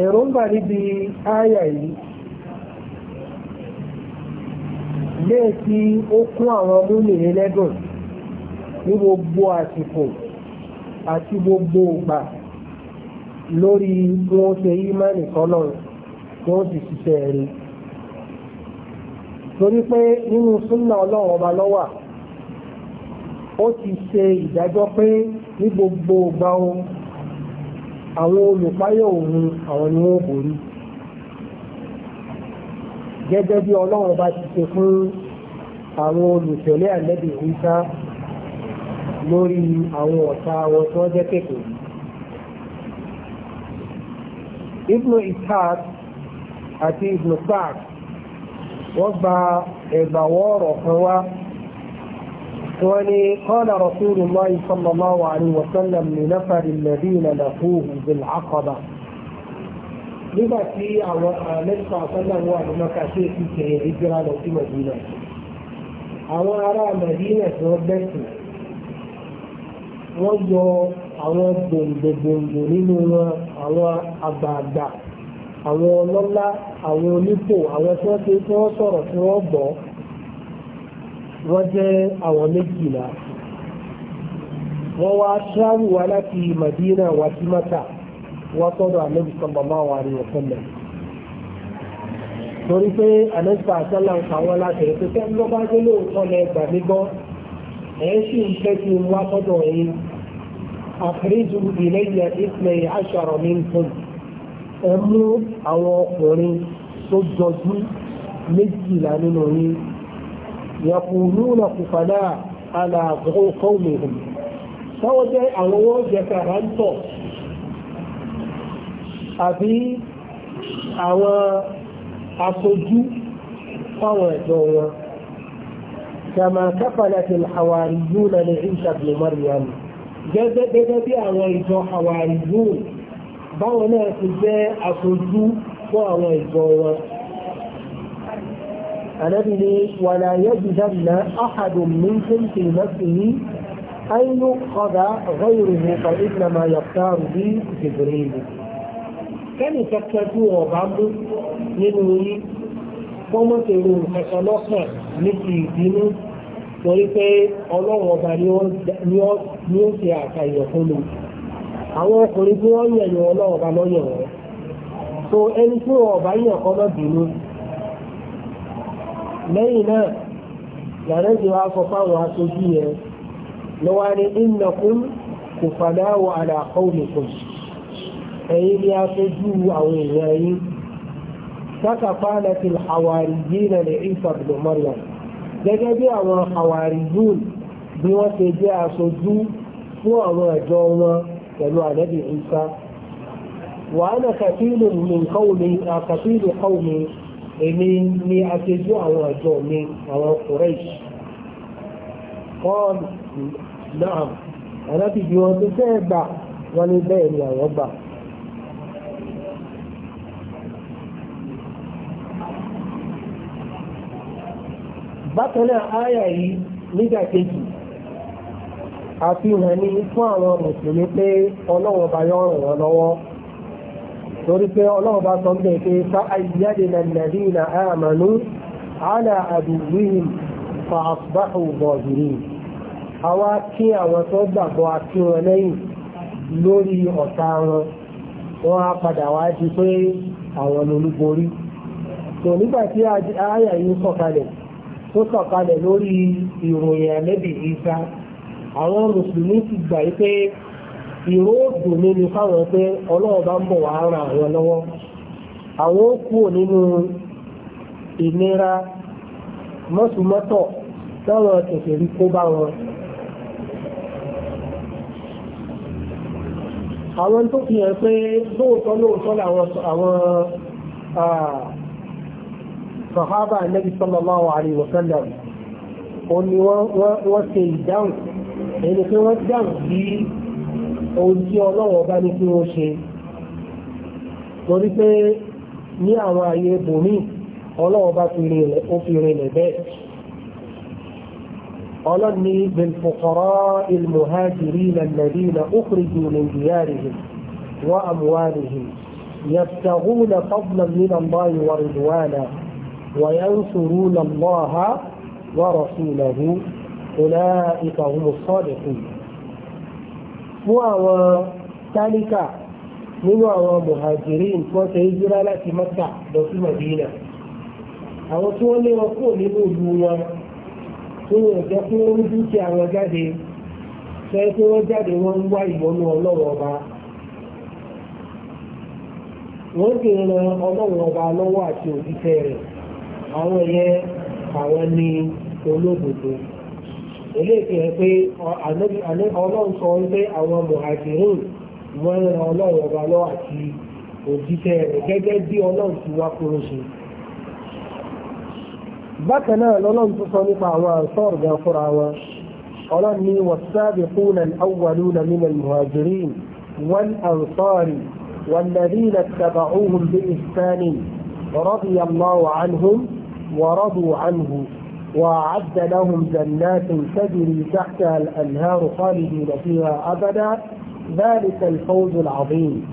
Speaker 1: èròǹgbà níbi ááyà yìí léè tí ó kún àwọn múlùmí lẹ́dùn ní gbogbo àsìkò àti gbogbo ìgbà lórí bí wọ́n ṣe yí mẹ́rin kọ́nà tí wọ́n sì ṣiṣẹ́ rí torí pé nínú súnà ọlọ́run ọba lọ́wà ó ti ṣe ìdájọ́ pé ní gbogbo ìgbà ohun àwọn olùpáyọ̀ òun àwọn ni wọ́n borí gẹ́gẹ́ bí ọlọ́run bá ti ṣe fún àwọn olùtẹ̀lẹ́ àlẹ́bí ìrísá lórí àwọn ọ̀ta wọn tó jẹ́ kẹ̀kẹ́ yìí. ibnu ishaq àti ibnu saad wọ́n gba ẹ̀gbàwọ́ ọ̀rọ̀ kan wá وني قال رسول الله صلى الله عليه وسلم لنفر الذين لقوه بالعقبة nígbà tí àwọn àmẹ́ríkà ah, sọ́nà wà ní maka ṣe fi kèrè hijira lọ sí madina àwọn ará madina tí wọ́n bẹ̀sù wọ́n yọ àwọn gbòǹgbòǹgbò nínú wọn àwọn àgbààgbà àwọn ọlọ́lá àwọn onípò àwọn tí wọ́n ṣe tí tí wọ́n gbọ́ wọ́n jẹ́ àwọn méjìlá wọ́n wá ṣáàrù wá láti Madina wá sí Maka wá sọ́dọ̀ Ànábì sallallahu alaihi wasallam torí pé Ànábì àṣálà ń pa wọ́n láti ẹ̀sẹ̀ tẹ́ ló bá gbé lóòótọ́ lẹ gbà mí gbọ́ ẹ̀ sì ń fẹ́ kí n wá sọ́dọ̀ yín àfẹ́rẹ́jù ìlẹ́yìn ìpínlẹ̀ àṣàrọ̀ mi ń fún ẹ àwọn ọkùnrin tó jọjú méjìlá nínú yín يقولون قفلاء على قومهم sọ́wọ́jẹ́ àwọn owó jẹta rántọ̀ àbí àwọn aṣojú fáwọn ẹ̀jọ́ wọn kama kafalatil hawariyuna li Isa ibn Maryam gẹ́gẹ́ bí àwọn ìjọ hawariyun báwọn náà ti jẹ́ aṣojú fún àwọn ìjọ wọn أنبني ولا يجدن أحد منكم في نفسه أن يؤخذ غيره فإنما يختار به جبريل كان يتكتو وبعض ينوي fọ́mọ́ tèrò nǹkan lọ́kàn níbi ìbínú torí pé ọlọ́run ọba ni ó ṣe àṣàyàn fún mi àwọn ọkùnrin tí wọ́n yẹ̀yàn ọlọ́run ọba lọ́yẹ̀ wọ́n so ẹni tí wọ́n ọba yẹ̀kọ́ lọ́bìnú lẹ́yìn náà lànà ti wá sọ fáwọn aṣojú yẹn ló wá ní innakum kufadaa ala qawmikum ẹ̀yin ni aṣojú àwọn èèyàn yìí kaka fálàtì hawariyina ní Isa ibn Maryam gẹ́gẹ́ bí àwọn hawariyun bí wọ́n ṣe jẹ́ aṣojú fún àwọn ẹ̀jọ́ wọn pẹ̀lú ànábì Isa wàhánà kàfíìlì min qawmi èmi ni a aṣojú àwọn àjọ mi àwọn Quraysh kọ́ọ̀lù náà alábìbí wọn tó fẹ́ gbà wọn ní bẹ́ẹ̀ ni àwọn gbà. bákan náà áyà yìí nígbàkejì àfihàn ní fún àwọn mùsùlùmí pé ọlọ́wọ́ bá yọ̀ ràn wọ́n lọ́wọ́. torí pé ọlọ́run bá sọ bẹ́ẹ̀ pé fa ayyadina alladhina amanu ala aduwwihim fa asbahu zahirin àwa kí àwọn tó gbàgbọ́ àti wọn lẹ́yìn lórí ọ̀tá wọn wọ́n á padà wá di pé àwọn lolúborí tò nígbà tí àyà yìí sọ̀kalẹ̀ tó sọ̀kalẹ̀ lórí ìròyìn àlẹ́bì Ìsá àwọn mùsùlùmí ti gbà ìró dùnú ni fáwọn pé ọlọ́run bá ń bọ̀ wá ran àwọn lọ́wọ́ àwọn ó kúrò nínú ìnira mọ́sùmọ́tọ̀ lọ́rọ̀ tẹ̀sẹ̀ rí kó bá wọn. àwọn tó fi hàn pé lóòótọ́ lóòótọ́ làwọn sàhábà Ànábì sallallahu alaihi wa sallam o ni wọ́n ṣe ìdáhùn ẹni pé wọ́n dáhùn sí ohun tí ọlọ́wọ́ bá ní kí wọ́n ṣe torí pé ní àwọn ààyè bòmí ọlọ́wọ́ bá fi rinlẹ̀ bẹ́ẹ̀ ọlọ́ni bilfukọrọ ilmuhajiri lẹ́lẹ́rí na ókùrìjì nìjíríàrìhìn wọ́n àmúwárìhìn يبتغون فضلا من الله ورضوانا وينصرون الله ورسوله أولئك هم الصادقون fún àwọn tálíkà nínú àwọn muhajirin tí wọ́n ṣe hijira láti Mẹ́kà lọ sí Mẹdínà àwọn tí wọ́n lé wọn kúrò nínú ìlú wọn tí wọ́n jẹ́ kí wọ́n dúkìá wọn jáde wọ́n jáde ń wá ìmọ̀nú ọlọ́run ọba wọ́n eléyìí fi hàn pé ọlọ́run sọ wípé àwọn muhajirun wọ́n ń ran ọlọ́run ọba lọ́wọ́ àti òjíṣẹ́ rẹ̀ gẹ́gẹ́ bí ọlọ́run ti wá kúrò ṣe. bákan náà lọ́lọ́run tó sọ nípa àwọn àǹsọ́ọ̀rù gan fúnra wọn ọlọ́run ní والسابقون الأولون من المهاجرين والأنصار والذين اتبعوهم بإحسان رضي الله عنهم ورضوا عنه وأعد لهم جنات تجري تحتها الأنهار خالدين فيها أبدا ذلك الفوز العظيم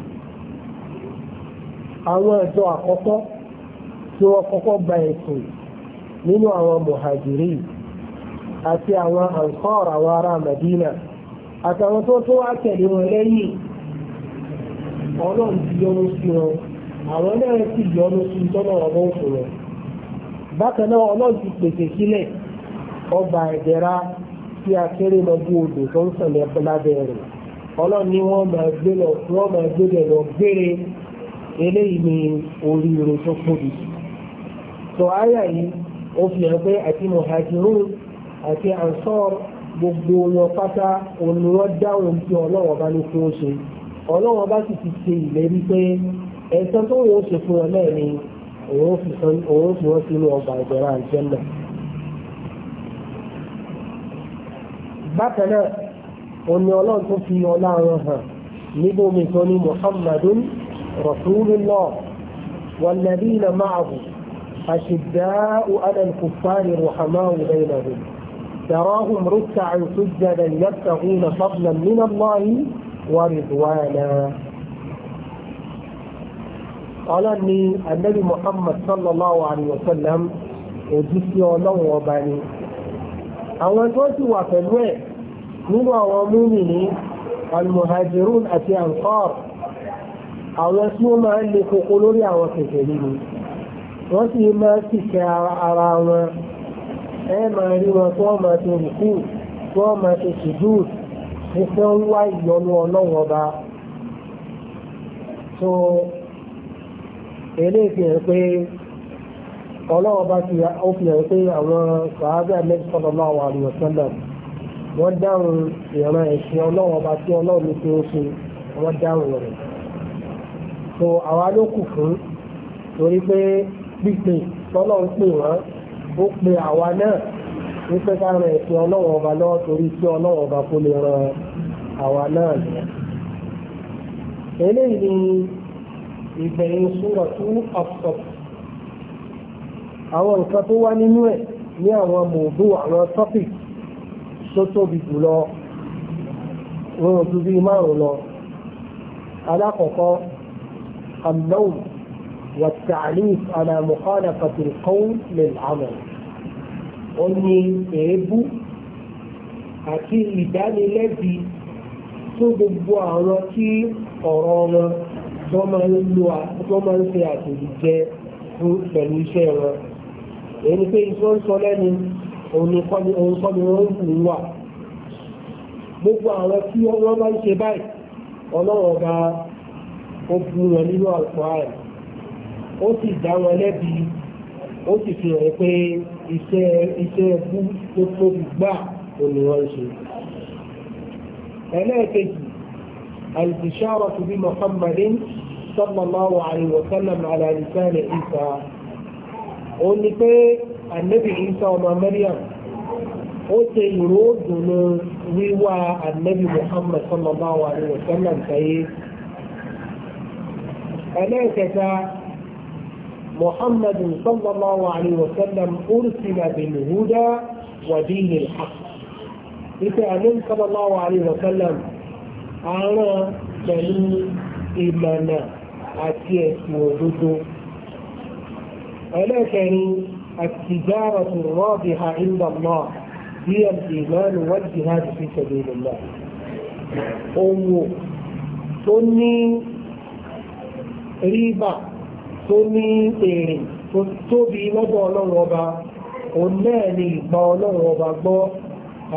Speaker 1: أولا سوى قطة سوى قطة بيسو من أوى مهاجرين أتي أوى أنصار وارى مدينة أتوتو سوى كلمة لي أولا يونس يونس أولا يونس يونس يونس يونس bákan náà ọlọ́run ti pèsè sílẹ̀ ọgbà ẹ̀dẹ̀ra tí a kéré lọ bí odò tó ń sọ̀lẹ̀ lábẹ́ rẹ̀ ọlọ́run ni wọ́n máa gbé lọ wọ́n máa gbé bẹ̀ lọ gbére eléyìí ni oríire tó tóbi tó àyà yìí ó fi hàn pé àti muhajirun àti ansor gbogbo wọn pátá òun wọn dáhùn tí ọlọ́wọ́ bá ní kí ṣe ọlọ́wọ́ bá sì ti ṣe ìlérí pé ẹ̀sán tó wọ́n ṣe fún ọ náà ni ويصلح ويصلح وبعد الجنة bákan náà ó ní ọlọ́run tó fi ọlá wọn hàn níbo mi tó ní muhammadun rasulullah والذين معه أشداء على الكفار رحماء بينهم تراهم ركعا سجدا يبتغون فضلا من الله ورضوانا ọlọ́run ni anabi محمد صلى الله عليه وسلم òjísé ọlọ́run ọba ni àwọn tó ti wà pẹ̀lú ẹ̀ nínú àwọn múmìnì almuhajirun àti ansar àwọn tí ó máa ń le koko lórí àwọn kèfèrí ni wọ́n sì máa sì kẹ ara wọn ẹ máa rí wọn tó máa ti rùkú tó máa ti sùdúù ní fẹ́ ń wá ìyọnu ọlọ́run ọba so eléyìí fi hàn pé ọlọ́wọ́ bá fi òfin hàn pé àwọn sàábẹ́ àmẹ́bí sallallahu alaihi wasallam wọ́n dáhùn ìran ẹ̀sìn ọlọ́wọ́ bá tí ọlọ́run ní kí ó ṣe wọ́n dáhùn rẹ̀. so àwa ló kù fún torí pé pípé tọ́lọ́run pè wọ́n ó pe àwa náà wípé ká ran ẹ̀sìn ọlọ́wọ́ ọba lọ́wọ́ torí tí ọlọ́wọ́ ọba kó lè ran àwa náà lọ. eléyìí ni ìgbẹ̀yìn súrọ̀ tún ọ̀pọ̀ àwọn nǹkan tó wá nínú ẹ̀ ní àwọn mòdó àwọn topic tó tóbi jùlọ wọn ò ju bí márùn lọ alákọ̀ọ́kọ́ النوم والتعليف على مخالفة القول للعمل ó ní èébú àti ìdánilẹ́bi tó gbogbo àwọn tí ọ̀rọ̀ wọn tó máa ń lo tó máa ń ṣe àtòjì jẹ pẹ̀lú iṣẹ́ wọn èyí ni pé iṣẹ́ ń sọ lẹ́nu òun kọ́ ni wọ́n ń wù wà gbogbo àwọn tí wọ́n bá ń ṣe báyìí ọlọ́run ọba ó bu wọn nínú àlùfáà ó sì dá wọn lẹ́bi ó sì fi hàn pé iṣẹ́ iṣẹ́ ẹbú tó tóbi gbà òní wọn ṣe. ẹlẹ́ẹ̀kejì àlùfíṣàrọ̀ tó bí Muhammadin صلى الله عليه وسلم على لسان عيسى ó ní pé ànábì Ìsá ọmọ Maryam ó ṣe ìró dùnú wíwá ànábì Muhammad sallallahu alaihi wa sallam sáyé ẹlẹ́ẹ̀kẹta Muhammad sallallahu alaihi wa sallam ursila bil huda wa dinil haqq ife ànábì sallallahu alaihi wa sallam àárọ̀ pẹ̀lú ìmọ̀nà àti ẹ̀sìn òdodo ẹlẹ́kẹ̀rin àtìjáàrọ̀tù rọ́ọ̀bì ha ìlú ọ̀nà bí ẹ̀sìn ìmánu wọ́n jihad fi sabilillah ohun tó ní ríbà tó ní èrè tó tóbi lọ́dọ̀ ọlọ́run ọba òun náà ni ìgbà ọlọ́run ọba gbọ́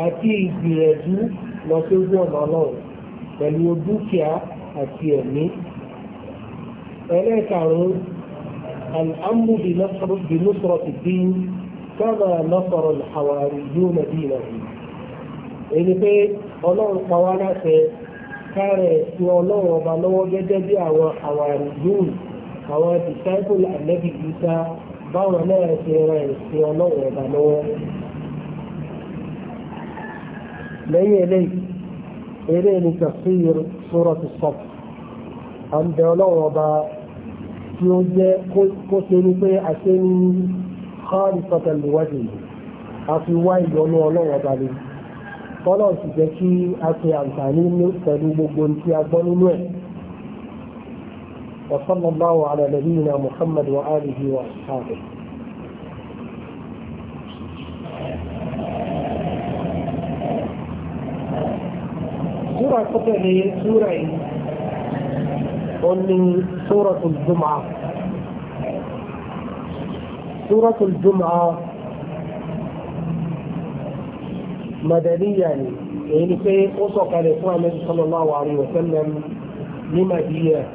Speaker 1: àti ìgbìyànjú lọ sí ojú ọ̀nà ọlọ́run pẹ̀lú dúkìá àti ẹ̀mí ẹlẹ́ẹ̀karùn-ún al'amú bí nọ́sọ̀rọ̀ ti dín kọ́nà nọ́sọ̀rọ̀ àwárí yóò nà bí nà bí. èyí pé ọlọ́run pa wá láṣẹ kárẹ̀ sí ọlọ́run ọba lọ́wọ́ gẹ́gẹ́ bí àwọn àwárí yóò àwọn disciple ànábì Ìsá báwọn náà ṣe ran ẹ̀sìn ọlọ́run ọba lọ́wọ́. lẹ́yìn eléyìí eré ni tafsir sórọ̀ ti sọ̀tù. عند لغبة tí ó jẹ́ kó ṣerú pé àṣẹ ní káàdì pàtàkì wájú a fi wá ìyọnú ọlọ́wọ́ balẹ̀ tọ́lọ̀ sì jẹ́ kí a ṣe àǹfààní pẹ̀lú gbogbo tí a gbọ́ nínú ẹ̀ وصلى الله على نبينا محمد وآله وأصحابه Súra kọ́tẹ̀lẹ̀ súra yìí قل سورة الجمعة سورة الجمعة مدنيا يعني في أسق الإخوان النبي صلى الله عليه وسلم لمدية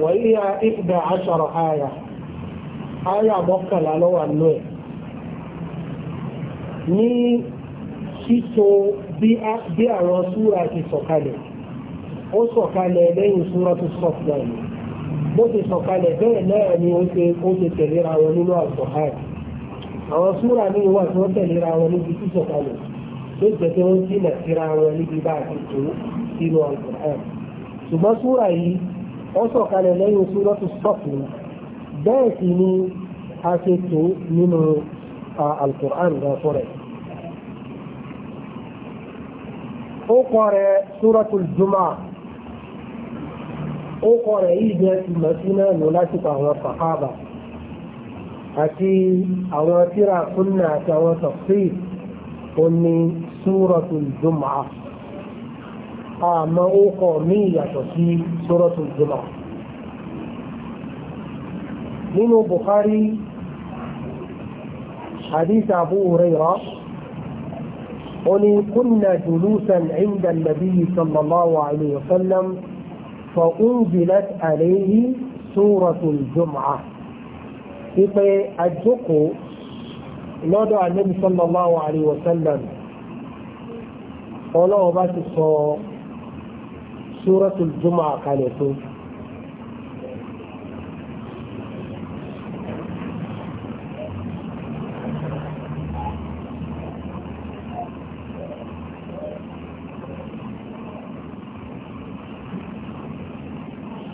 Speaker 1: وهي إحدى عشر آية آية مكة لالو النوع ní sísọ bí àwọn súra ti sọ̀kalẹ̀ ó sọ̀kalẹ̀ lẹ́yìn súrọ́tù sọ̀kalẹ̀ ni bó ti sọ̀kalẹ̀ bẹ́ẹ̀ náà ni ó ṣe ó ṣe tẹ̀léra wọn nínú àṣọ̀hàn àwọn súra ní ìwà tí wọ́n tẹ̀léra wọn níbi tí sọ̀kalẹ̀ tó jẹ́ pé wọ́n jìnà síra wọn níbi bá a ti tó sínú àṣọ̀hàn ṣùgbọ́n súra yìí ó sọ̀kalẹ̀ lẹ́yìn súrọ́tù sọ̀kalẹ̀ bẹ́ẹ̀ sì ni a ṣe tó nínú alkùrán gan fúnra ó kọ́ rẹ̀ súrọ́tù jùmọ̀ ó kọ́ rẹ̀ yìí jẹ́ ti mẹ́sínà nù lásìkò àwọn sàhábà àti àwọn tíra súnà àti àwọn tafsir ó ní súratul jumu'ah àmọ́ ó kọ́ mí yàtọ̀ sí súratul jumu'ah nínú Bukhari حديث أبو هريرة قل كنا جلوسا عند النبي صلى الله عليه وسلم فأنزلت عليه سورة الجمعة ipe àjókò lọ́dọ̀ ànábì sallallahu alayhi wa sallam ọlọ́wọ́ bá ti sọ suratul jumu'ah kalẹ̀ fún un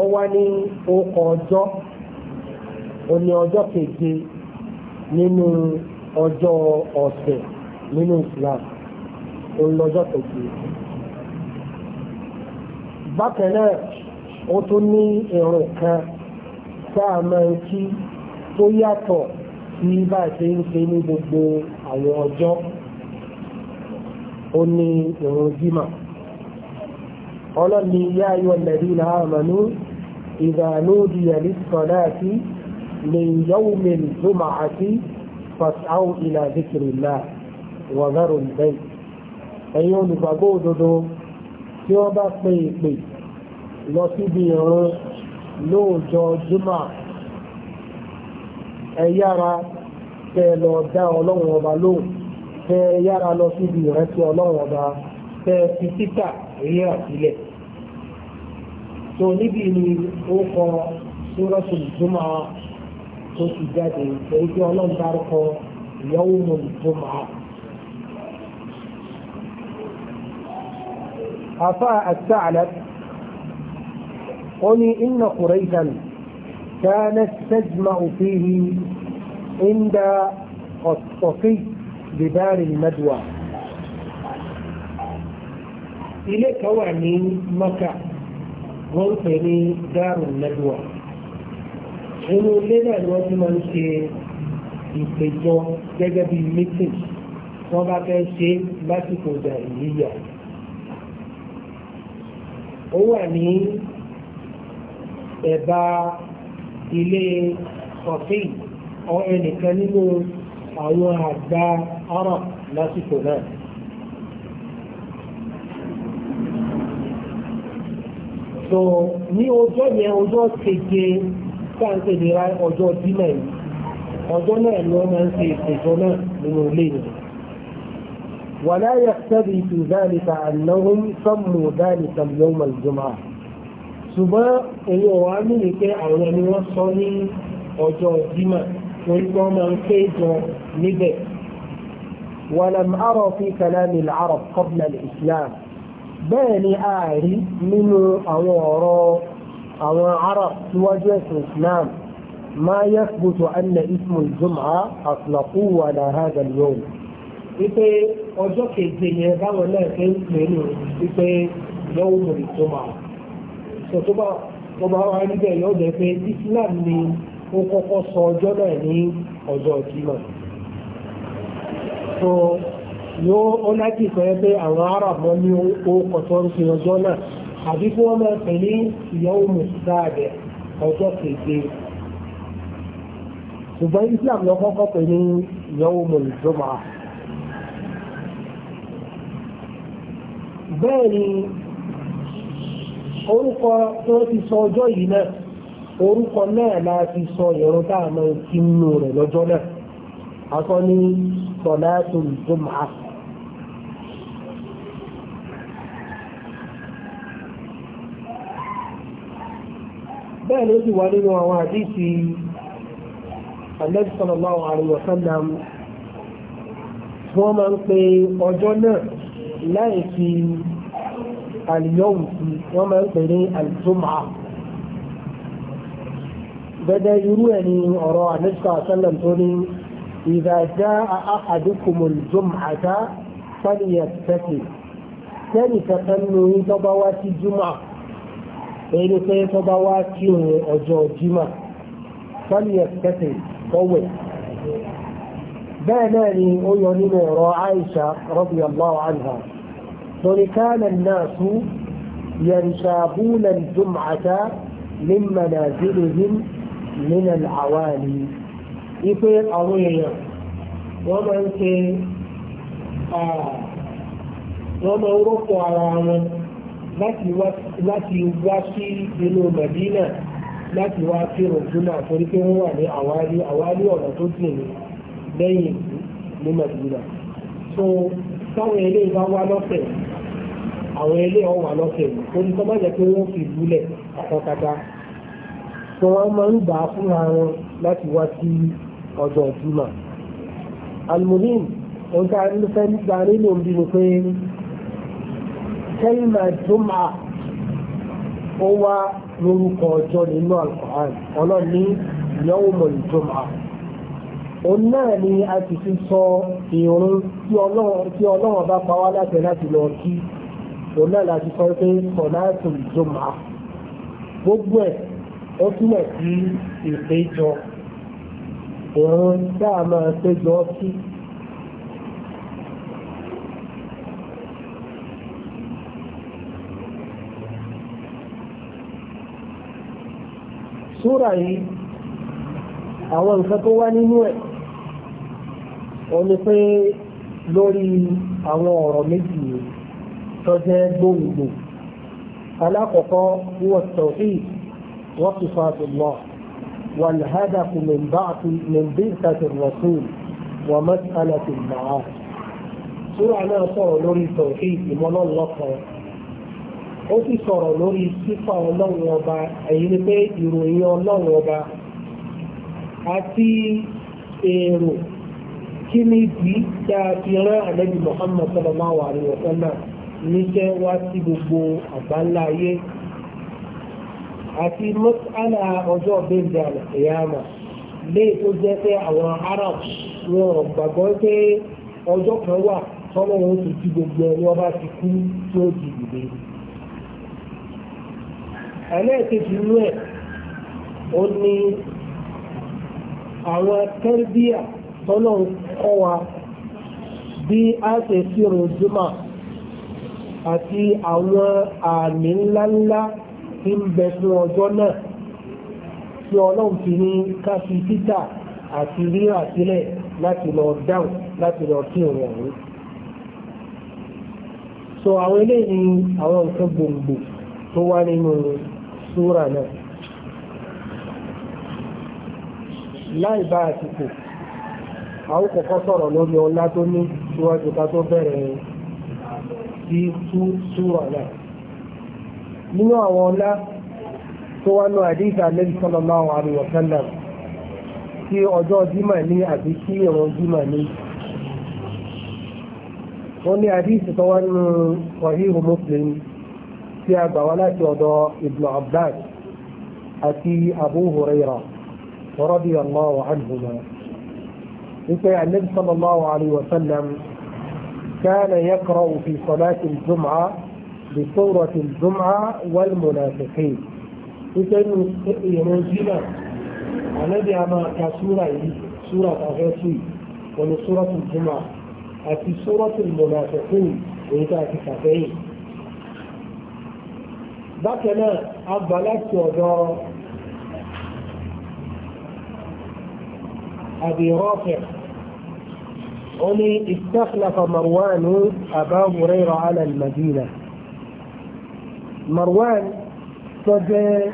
Speaker 1: ọ wá ní ọkọ̀ ọjọ́ ó ní ọjọ́ keje nínú ọjọ́ ọ̀sẹ̀ nínú Islam ó ń lọ́jọ́ keje. bákan náà ó tún ní ìrùn kan tá a máa kí tó yàtọ̀ sí bá a ṣe ń ṣe ní gbogbo àwọn ọjọ́ ó ní ìrùn jimá ọlọ́ni yáyọ̀ lẹ́rìí náà mọ̀ إذا نودي للصلاة من يوم الجمعة فاسعوا إلى ذكر الله وذروا البيت ẹ̀yin olùgbàgbọ́ òdodo tí wọ́n bá pe ìpè lọ síbi ìrun lóòjọ́ jùmọ̀ ẹ yára tẹ lọ dá ọlọ́run ọba lóhùn tẹ yára lọ síbi ìrántí ọlọ́run ọba tẹ fi títà rí àtìlẹ̀ tó níbi ni ó kọ sórọ́sù ìjùmọ̀ tó ti jáde èyí tí ọlọ́run dárúkọ ìyàwó mọ̀ ìjùmọ̀. أفاء الثعلب قل إن قريشا كانت تجمع فيه عند قصقي بدار المدوى ilé kan wà ní maka wọ́n ń pè ní Darun Nadwa inú ilé náà ni wọ́n ti máa ń ṣe ìpéjọ gẹ́gẹ́ bí meeting wọ́n bá fẹ́ ṣe lásìkò ìjà ìyíyà ó wà ní ẹ̀bá ilé ọ̀fíì ọ ẹnìkan nínú àwọn àgbà arab lásìkò náà. so ní ọjọ́ yẹn ọjọ́ keje káńtẹ̀ lè ra ọjọ́ dílẹ̀ yìí ọjọ́ náà ni wọ́n máa ń ṣe ìpèjọ náà nínú ilé yìí ولا يقتضي في ذلك أنهم سموا ذلك اليوم الجمعة ṣùgbọ́n èyí ọ̀wá nílé pé àwọn ẹni wọ́n sọ ní ọjọ́ Jímọ̀ torí wọ́n máa ń ké jọ níbẹ̀. ولم أر في كلام العرب قبل الإسلام bẹ́ẹ̀ ni a rí nínú àwọn ọ̀rọ̀ àwọn Arab síwájú ẹ̀sìn Islam ما يثبت أن اسم الجمعة أطلقوه على هذا اليوم ipe ọjọ́ keje yẹn báwọn náà ṣe ń pè ní ipe yóò mú ìtumọ̀ ṣòtúbà tó bá wà níbẹ̀ yóò jẹ́ pé Islam ni ó kọ́kọ́ sọ ọjọ́ náà ní ọjọ́ ìjìmọ̀. yóò ó láti sọ ẹ pé àwọn arab wọn ní orúkọ tó ń fi ọjọ́ náà àbí kí wọ́n máa pè ní ìyàwó mùsùlùmí ọjọ́ keje ṣùgbọ́n islam lọ kọ́kọ́ pè ní ìyàwó mùsùlùmí bẹ́ẹ̀ ni orúkọ tó ti sọ ọjọ́ yìí náà orúkọ náà láti sọ ìrún táà máa kí nínú rẹ̀ lọ́jọ́ náà a ní sọ̀lá tó bẹ́ẹ̀ ló sì wà nínú àwọn àdísì Ànábì sallallahu alaihi wasallam wọ́n máa ń pe ọjọ́ náà láì fi àlìyọ́wù sí wọ́n máa ń pè ní àlìtúmà gẹ́gẹ́ irú ẹ̀ ni ọ̀rọ̀ Ànábì sallam tó ní idha jaa ẹni pé tó bá wá kí òun ọjọ́ jimá sọ́lì ẹ̀kẹ́tẹ̀ tọ́wẹ̀ bẹ́ẹ̀ náà ni ó yọ nínú ọ̀rọ̀ Aisha radiyallahu anha torí kana an-nasu yanshabuna wọ́n máa ń ṣe ara wọn láti wá sí inú Mẹ̀dínà láti wá sí rọ̀júmọ̀ torí pé wọ́n wà ní àwárí àwárí ọ̀nà tó dùn ní lẹ́yìn ní Mẹ̀dínà. so táwọn ilé bá wá lọ́sẹ̀ àwọn ilé ọ̀ wà lọ́sẹ̀ ó ní sọ́mọ́ pé wọ́n fi ìlúlẹ̀ àkọ́kátá so wọ́n máa ń gbà á fúnra wọn láti wá sí ọjọ́ ìjúmọ̀. almuhim ohun tá a ń fẹ́ nígbà nínú bí mo pé kẹ́lìmà jùmọ̀ ó wá lórúkọ ọjọ́ nínú alkùnrin ọlọ́ni yawmul jùmọ̀ òun náà ni a ti fi sọ ìrún tí ọlọ́run bá pa wá láti láti lọ kí òun náà láti sọ pé sọ̀láàtùn jùmọ̀ gbogbo ẹ̀ ó túmọ̀ sí ìpéjọ ìrún tí a máa péjọ sí. súrà yìí àwọn nǹkan tó wá nínú ẹ̀ ó ní pé lórí àwọn ọ̀rọ̀ méjì tó jẹ́ gbòǹgbò alákọ̀ọ́kọ́ wọ́n ti fa àtùmọ̀ والهدف من بعث من بعثة الرسول ومسألة المعاد. سورة أنا صار لوري توحيد من الله ó sì sọ̀rọ̀ lórí sífà ọlọ́run ọba èyí ni pé ìròyìn ọlọ́run ọba àti èrò kí ni ìdí tá a fi rán àlẹ́bí Muhammad sallallahu alaihi wa sallam níṣẹ́ wá sí gbogbo àgbáńlá ayé àti mọ́sálà ọjọ́ bẹ́ẹ̀dẹ̀ àlẹ́yàmà lé tó jẹ́ pé àwọn Arab wọn ò gbàgbọ́ pé ọjọ́ kan wà tọ́lọ́run ti ju gbogbo ẹni ọba ti kú tí ó di ìdílé ẹlẹ́ẹ̀kejì inú ẹ̀ ó ní àwọn tẹ́lbíà tọ́lọ̀ ń kọ́ wa bí a ṣe sírun jùmọ̀ àti àwọn àmì ńláńlá tí ń bẹ fún ọjọ́ náà tí ọlọ́run fi ní ká títà àti rírà sílẹ̀ láti lọ dáhùn láti lọ kí òun ọ̀hún. so àwọn eléyìí àwọn nǹkan gbòǹgbò tó wá nínú rẹ̀ súra náà láì bá àsìkò àwọn kọ̀kọ́ sọ̀rọ̀ lórí ọlá tó ní síwájú ká tó bẹ̀rẹ̀ sí súra náà nínú àwọn ọlá tó wá lọ àdíjà lẹ́yìn sallallahu alaihi wa sallam tí ọjọ́ jímà ní àbí kí ìrun jímà ní wọ́n ní àdíjì tó wá nínú Sahihu Muslim كاتيا بولات وضاء ابن عباس أتي أبو هريرة رضي الله عنهما إنت النبي صلى الله عليه وسلم كان يقرأ في صلاة الجمعة بصورة الجمعة والمنافقين إنت ينزل النبي أما كسورة سورة أغاثي ومن سورة الجمعة أتي سورة المنافقين وإذا كتابين bákan náà a gbà láti ọ̀dọ̀ Abi Rafi ó ní istakhlafa Marwan Aba Hurayra ala al-Madina Marwan tó jẹ́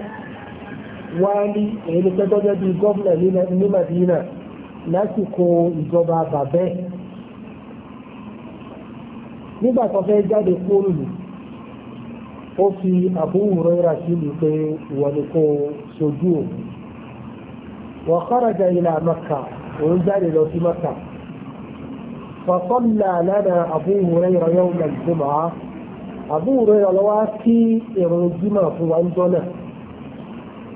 Speaker 1: wáálí èyí tó tọ́jọ́ bíi gómìnà ní Madina lásìkò ìjọba bàbẹ́ nígbà jáde kúrò nìyí ó fi Abu Hurairah sílùú pé ìwọ ni kó sojú òun wa kharaja ila Makkah òun jáde lọ sí Makkah fa salla lana Abu Hurairah yawm al kí ìrun jùmọ̀ fún wa ń jọ́nà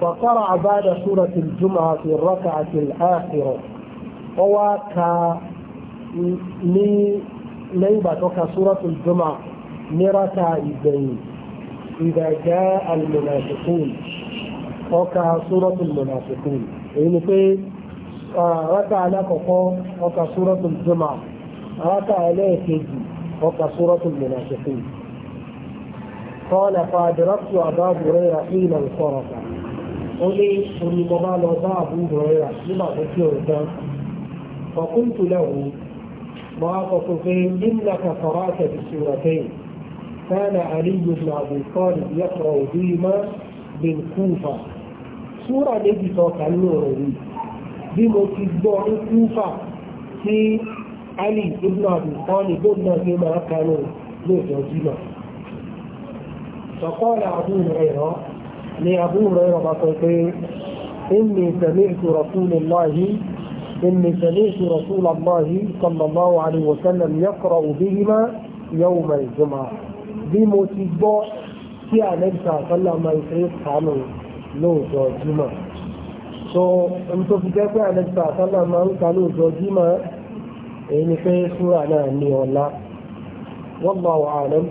Speaker 1: فقرأ بعد سورة الجمعة في الركعة الآخرة هو ك لي ليبة سورة الجمعة لركع الدين إذا جاء المنافقون وكا سورة المنافقون يعني في ركع على وكا سورة الجمعة ركع عليه كيجي وكا سورة المنافقين قال فأدركت أبا هريرة حين انصرف قولي أني مبال وضع أبو هريرة لما تكيرت فقلت له ما تصفين إنك قرأت بالسورتين كان علي بن أبي طالب يقرأ بهما بالكوفة سورة التي توقعنوا روي بمتبع الكوفة في علي بن أبي طالب قلنا بما كانوا لجوزنا فقال أبو هريرة لأبو هريرة بطيقين إني سمعت رسول الله إني سمعت رسول الله صلى الله عليه وسلم يقرأ بهما يوم الجمعة bí mo ti gbọ́ tí àlẹ́bíṣà àtọ́lá máa ń ṣe kánú lóòjọ́ jímọ̀ so ohun tó fi jẹ́ pé àlẹ́bíṣà àtọ́lá máa ń ka lóòjọ́ jímọ̀ èyí ni pé súrà náà ní ọlá wallahu a'lam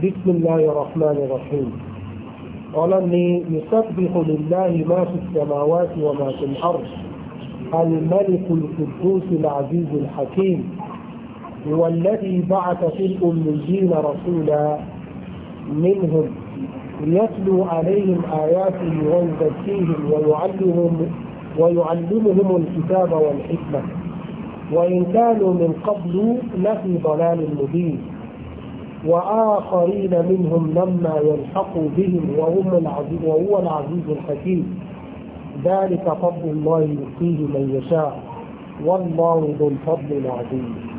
Speaker 1: bismillahi rahmani rahim ọlọ́ni yusabbihu lillahi ma fi samawati wa ma fi al-ard al-maliku al-quddus al-aziz al-hakim. هو الذي بعث في الأميين رسولا منهم يتلو عليهم آياته ويزكيهم ويعلمهم ويعلمهم الكتاب والحكمة وإن كانوا من قبل لفي ضلال مبين وآخرين منهم لما يلحقوا بهم وهم العزيز وهو العزيز الحكيم ذلك فضل الله يؤتيه من يشاء والله ذو الفضل العظيم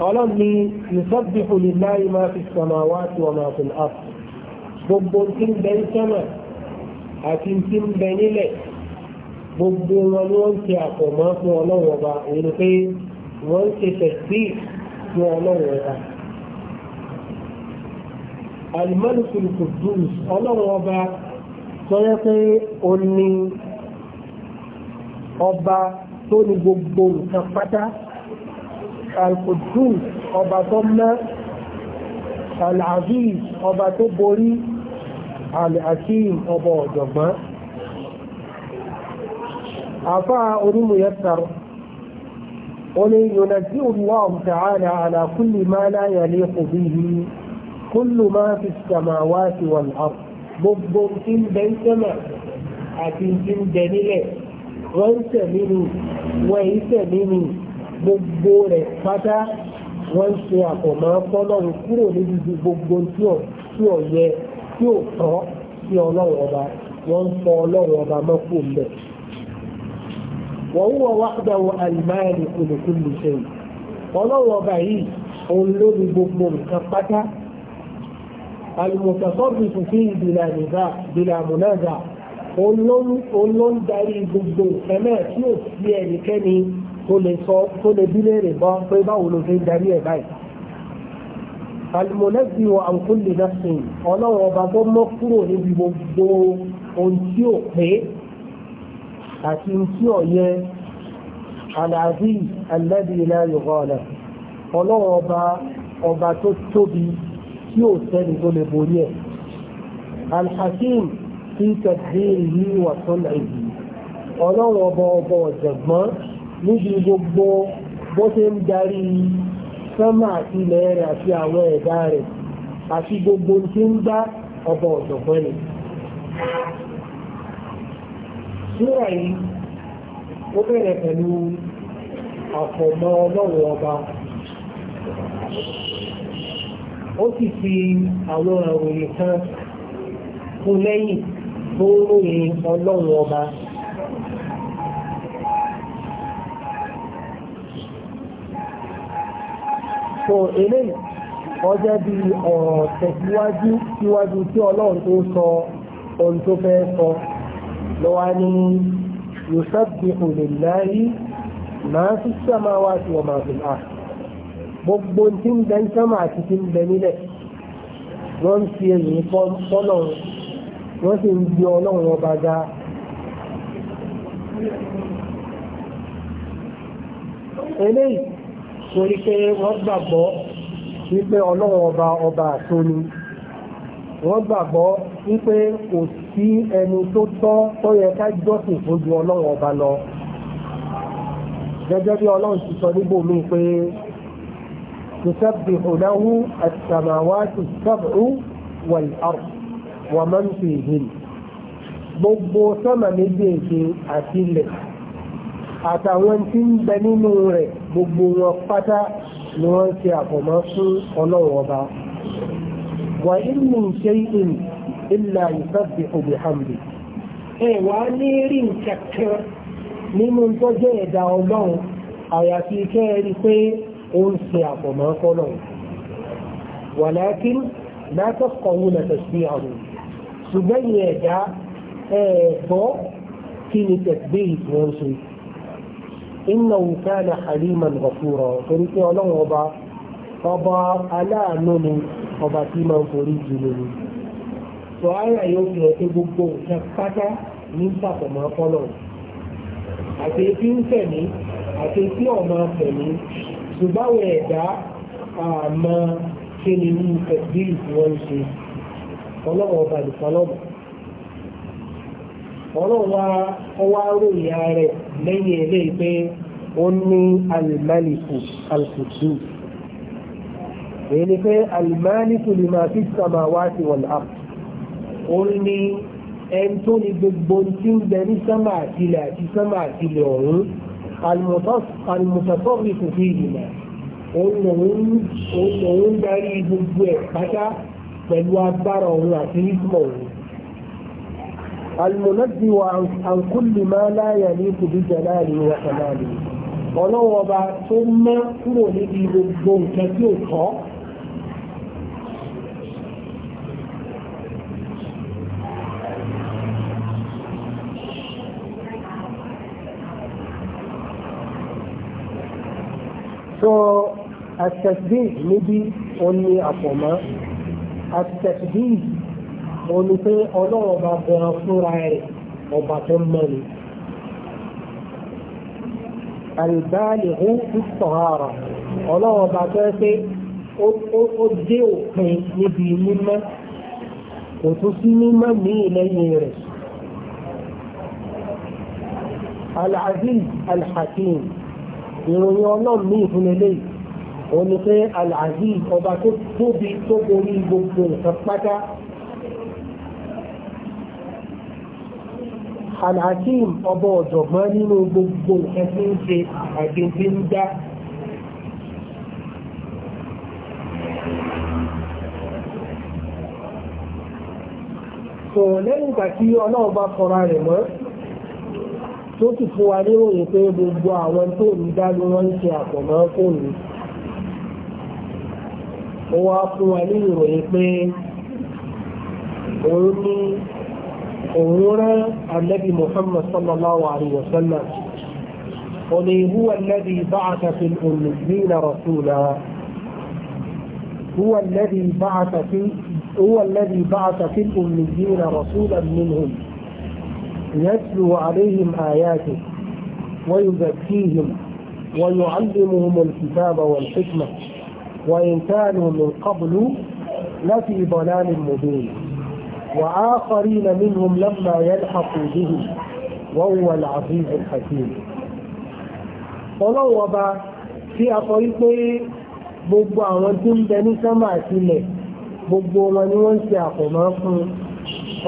Speaker 1: ọlọ́run ni yusabbihu lillahi ma fi samawati wa ma fil ard gbogbo tí ń bẹ ń sẹ́mà àti tí ń bẹ nílẹ̀ gbogbo wọn ni wọ́n ti àpọ̀mọ́ fún ọlọ́run ọba òun ni pé wọ́n ti tẹ̀sí fún ọlọ́run ọba. Al-Malikul Quddus ọlọ́run ọba sọ́yẹ́ pé ó ní ọba tó ní gbogbo nǹkan pátá alkudus ọba tó mẹ́ alaziz ọba tó borí alakim ọba ọ̀jọ̀gbọ́n afa onímúyẹ́sàr oní yonasi allah ta'ala ala kulli ma la yaliqu bihi kullu ma fi samawati wal ard gbogbo tí ń bẹ sẹ́mà àti tí ń bẹ nílẹ̀ wọ́n ń tẹ̀mí ni wọ́n ń tẹ̀mí ni gbogbo rẹ̀ pátá wọ́n ń ṣe àkọ̀mọ́ fọ́lọ́run kúrò níbi gbogbo tí ò yẹ tí ò tọ́ sí ọlọ́run ọba wọ́n ń fọ ọlọ́run ọba mọ́kù lẹ̀. wọ́n wọ wákàdáwọ̀ àlùmáàlì kùlùkùlù sẹ́yìn ọlọ́run ọba yìí òun ló ní gbogbo nǹkan pátá. àlùmọ̀tàkọ́bìtì sí ìdìlà nìgbà òun ló ń darí gbogbo nǹkan náà tí ò sí ẹnikẹ́ni tó lè sọ tó lè bí léèrè bọ́ pé báwo ló fi ń darí ẹ̀ báyìí. alimọ̀lẹ́sì wọ àǹkúlì náà sìn ọlọ́run ọba tó mọ́ kúrò níbi gbogbo ohun tí ò pé àti ohun tí ò yẹ àlàáfíì alẹ́bí ilẹ̀ ọ̀lẹ̀ ọlọ́run ọba ọba tó tóbi tí ò sẹ́ni tó lè borí ẹ̀. alhakim fi tẹ̀síìrì yìí wà tó lẹ́yìn ọlọ́run ọba ọba ọ̀jọ̀gbọ́n níbi gbogbo bó ṣe ń darí sánmà àti ilẹ̀ rẹ̀ àti àwọn ẹ̀dá rẹ̀ gbogbo tí ń dá ọba ọ̀jọ̀gbọ́n ni. Súra yìí, ó bẹ̀rẹ̀ pẹ̀lú àfọ̀mọ́ ọlọ́run ọba. Ó sì fi àwọn àròyìn kan fún lẹ́yìn tó ń ròyìn ọlọ́run ọba. so eléyìí ọjọ́ bí ọ̀rọ̀ tẹ̀síwájú síwájú tí ọlọ́run tó sọ ohun tó fẹ́ sọ lọ́wọ́ ní yusabbihu lillahi máa fi samawati wa máa fi náà gbogbo tí ń bẹ ń sánmà àti tí ń bẹ nílẹ̀ wọ́n fi èyí fọ́lọ́run wọ́n sì ń gbé ọlọ́run ọba ga eléyìí torí pé wọ́n gbàgbọ́ wípé ọlọ́run ọba ọba àtúnni wọ́n gbàgbọ́ wípé kò sí ẹni tó tọ́ tó yẹ ká jọ́sìn fún ọlọ́run ọba lọ gẹ́gẹ́ bí ọlọ́run ti sọ níbò mí pé تسبح له السماوات السبع والأرض ومن فيهن gbogbo sọ́mà méjèèjì àti ilẹ̀ àtàwọn tí ń bẹ nínú rẹ̀ gbogbo wọn pátá ni wọ́n ti àfọ̀mọ́ fún ọlọ́wọ́ ọba wà nínú ṣe in ilà ìsọ́bì òbí hàmdì ẹ wà ní rí kẹkẹ nínú tó jẹ́ ẹ̀dà ọlọ́run àyàfi kẹ́ẹ̀rí pé ó ń ṣe àfọ̀mọ́ fọ́lọ́run wàlákin látọ̀kọ̀wò lẹ́tẹ̀sí àrùn ṣùgbẹ́yìn ẹ̀dá ẹ̀ẹ̀bọ́ kí ni tẹ̀sí ìfọ́nṣe innahu kana haliman ghafura torí pé ọlọ́run ọba ọba aláàánú ni ọba tí máa ń forí jùlọ ni sọ ayé yóò fi hàn pé gbogbo nǹkan pátá ní sàkómọ́ kọ́lọ̀ àti etí ń tẹ̀mí àti etí ọ̀mọ tẹ̀mí ṣùgbọ́n ẹ̀dá àmọ́ kí ni ní ìfẹ̀sílì tí ṣe ọlọ́run ọba nìkan lọ́gbọ̀n ọlọ́wà ọwá ròyà rẹ̀ lẹ́yìn ilé pé ó ní alìmáàlìkù alìkùtù èyí ni pé alìmáàlìkù lè máa fi sàmà wá sí wọn á ó ní ẹn tó ní gbogbo tí ń bẹ ní sánmà àtìlẹ̀ àti sánmà àtìlẹ̀ ọ̀hún alìmùsàtọ́rì kò fi ìgbìmọ̀ òun lòun darí gbogbo ẹ̀ pátá pẹ̀lú agbára òun àti rígbọ̀ òun المنزه عن عن كل ما لا يليق بجلاله وكماله ولو وضع ثم كل هذه بالظلم كثيرك so التسبيح نبي أني أقوم التسبيح mo ní pé ọlọ́run ọba gan fúnra rẹ̀ ọba tó mọ́ ni. àlùbáàlì ń fi sọ̀hárà ọlọ́run ọba tó ẹ pé ó dé òpin níbi mímọ́ kò tún sí mímọ́ ní ìlẹ́yìn rẹ̀. العزيز الحكيم ìròyìn ọlọ́run ní ìfúnnilé òun ni pé العزيز ọba tó tóbi tó borí gbogbo nǹkan pátá alhakim ọba ọ̀jọ̀gbọ́n nínú gbogbo nǹkan tí ń ṣe àgbègbè ń dá so lẹ́yìn ìgbà tí ọlọ́run bá kọra rẹ̀ mọ́ tó sì fún wa níròyìn pé gbogbo àwọn tó ní ṣe àpọ̀mọ́ fóònù حضور النبي محمد صلى الله عليه وسلم قل هو الذي بعث في الأميين رسولا هو الذي بعث في هو الذي بعث في الأميين رسولا منهم يتلو عليهم آياته ويزكيهم ويعلمهم الكتاب والحكمة وإن كانوا من قبل لفي ضلال مبين وآخرين منهم لما يلحقوا بهم وهو العزيز الحكيم ọlọ́wọ́ ọba tí a sọ wípé gbogbo àwọn tí ń bẹ ní sánmà sílẹ̀ gbogbo wọn ni wọ́n ń ṣe àkọ̀mọ́ fún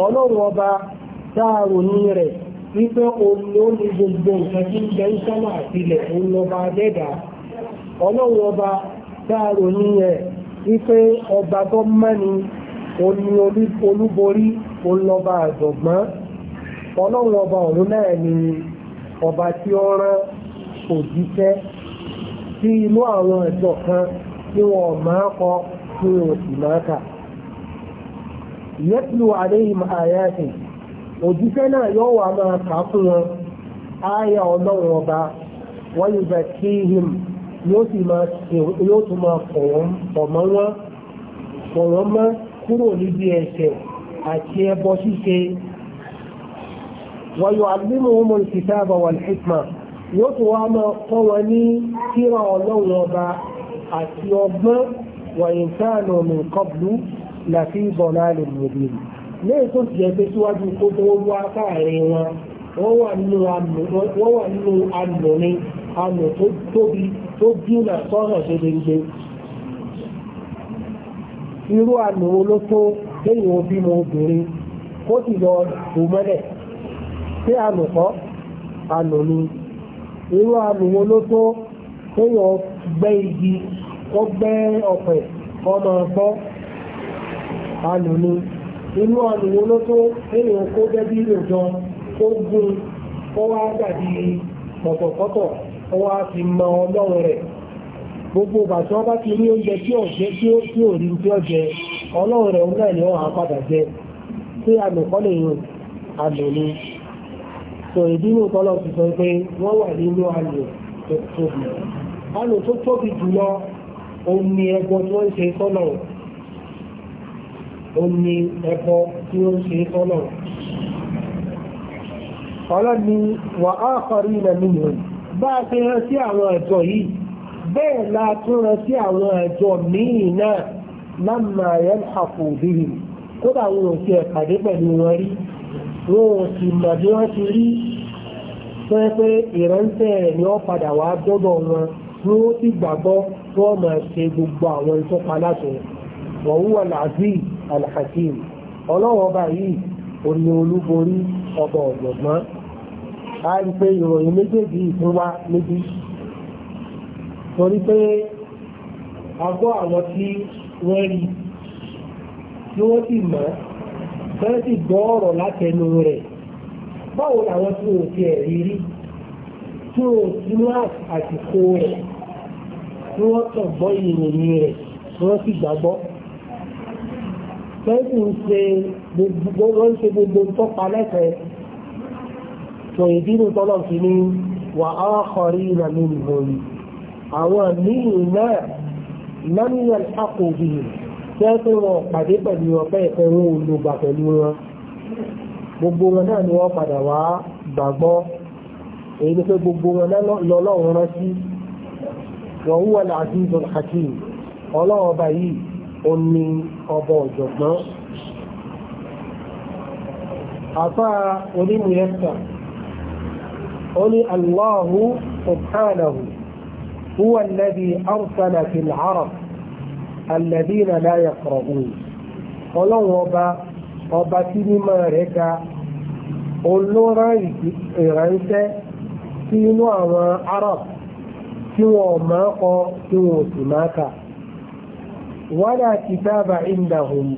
Speaker 1: ọlọ́wọ́ ọba dáàrò ní rẹ̀ wípé olóò gbogbo nǹkan tí ń bẹ ní sánmà sílẹ̀ olọba dẹ́dà ọlọ́wọ́ ọba dáàrò ní rẹ̀ wípé ọba tó mẹ́ni oní olúborí olọba àjọ̀gbọ́n ọlọ́run ọba ọ̀run náà ni ọba tí ó rán òjíṣẹ́ sí inú àwọn ẹ̀jọ̀ kan tí wọ́n máa kọ tí wọ́n sì máa kà. yẹ́tìlú àléhìm àyàtì òjíṣẹ́ náà yóò wà máa kà fún wọn ááyà ọlọ́run ọba wọ́n yóò bẹ̀ kí him yóò sì máa kọ̀ wọ́n kúrò níbi ẹ̀ṣẹ̀ àti ẹbọ ṣíṣe wa yu'allimuhumu al-kitaba wal-hikma yóò tún wá máa kọ́ wọn ní tírà ọlọ́run ọba àti ọgbọ́n wa in kanu min qablu lafi dalalin mubin lẹ́yìn tó ti jẹ́ irú àmì wo ló tó lẹ́yìn òbí mo obìnrin kó sì lọ bò mọ́lẹ̀ tí àmì kọ́ àmì ni irú àmì wo ló tó lẹ́yìn ọgbẹ́ igi ọgbẹ́ ọ̀pẹ ọmọ ni inú àmì ló tó lẹ́yìn kó dẹ́bí ìròjọ kó gún kó wá dàbí pọ̀tọ̀pọ̀tọ̀ gbogbo ìgbà tí wọ́n bá ti rí oúnjẹ tí ó tí ó tí ò rí tí ó ọlọ́run rẹ̀ náà ni wọ́n padà jẹ tí àmì kọ́ lè àmì ni sọ ìdínú tọ́lọ́ ti sọ pé wọ́n wà nínú àmì tó tóbi àmì tó tóbi jùlọ òun ẹbọ tí wọ́n ń ṣe sọ́nà òun ẹbọ tí wọ́n ń ṣe sọ́nà ọlọ́ni wà á kọrí ilẹ̀ nínú bá a ṣe hàn sí àwọn ẹ̀tọ́ yìí bẹ́ẹ̀ la tún rán sí àwọn ẹ̀jọ́ míì náà lámà yẹn àpò òbíri kódà wọn ò ti ẹ̀pàdé pẹ̀lú wọn rí wọn ò sì mọ̀ bí wọ́n ti rí fẹ́ pé ìránṣẹ́ rẹ̀ ni wọ́n padà wá dọ́dọ̀ wọn ni ó sì gbàgbọ́ tí wọ́n máa ṣe gbogbo àwọn ìtọ́pa láti wọ́n wà láàbí alhakim ọlọ́wọ́n báyìí ò ní olúborí ọba ọ̀jọ̀gbọ́n a rí pé ìròyìn méjèèjì ìfún wa níbi torí pé agbọ́ àwọn tí wọ́n rí tí wọ́n sì mọ̀ bẹ́ẹ̀ sì gbọ́ ọ̀rọ̀ látẹnu rẹ̀ báwo làwọn tí wọ́n ti ẹ̀rí rí tí wọ́n ti mú àsìkò rẹ̀ tí wọ́n kàn gbọ́ ìròyìn rẹ̀ tí wọ́n sì gbàgbọ́ bẹ́ẹ̀ sì ń ṣe gbogbo wọ́n ń ṣe gbogbo tó pa lẹ́sẹ̀ tó ìdí nìtọ́lọ̀ sí ni wà kọrí ìrànlẹ́ ìròyìn àwọn míì náà lọ́nìyà àkòbì tí wọ́n tó wọn pàdé pẹ̀lú ọ̀pẹ́ ìfẹ́ wọn ò lò gbà pẹ̀lú wọn gbogbo wọn náà ni wọ́n padà wá gbàgbọ́ èyí ni pé gbogbo wọn lọ́lọ́run rán wọ́n wúwà láti ìzọ̀n hakim ọlọ́run yìí ó ní ọba ọ̀jọ̀gbọ́n afá onímù yẹ́sà ó ní aláhù subhanahu هو الذي أرسل في العرب الذين لا يقرؤون ọlọ́run ọba ọba tí mímọ́ rẹ̀ ga olóra ìránṣẹ́ sí inú àwọn arab tí wọn máa kọ tí wọn ò sì máa kà wala kitaba indahum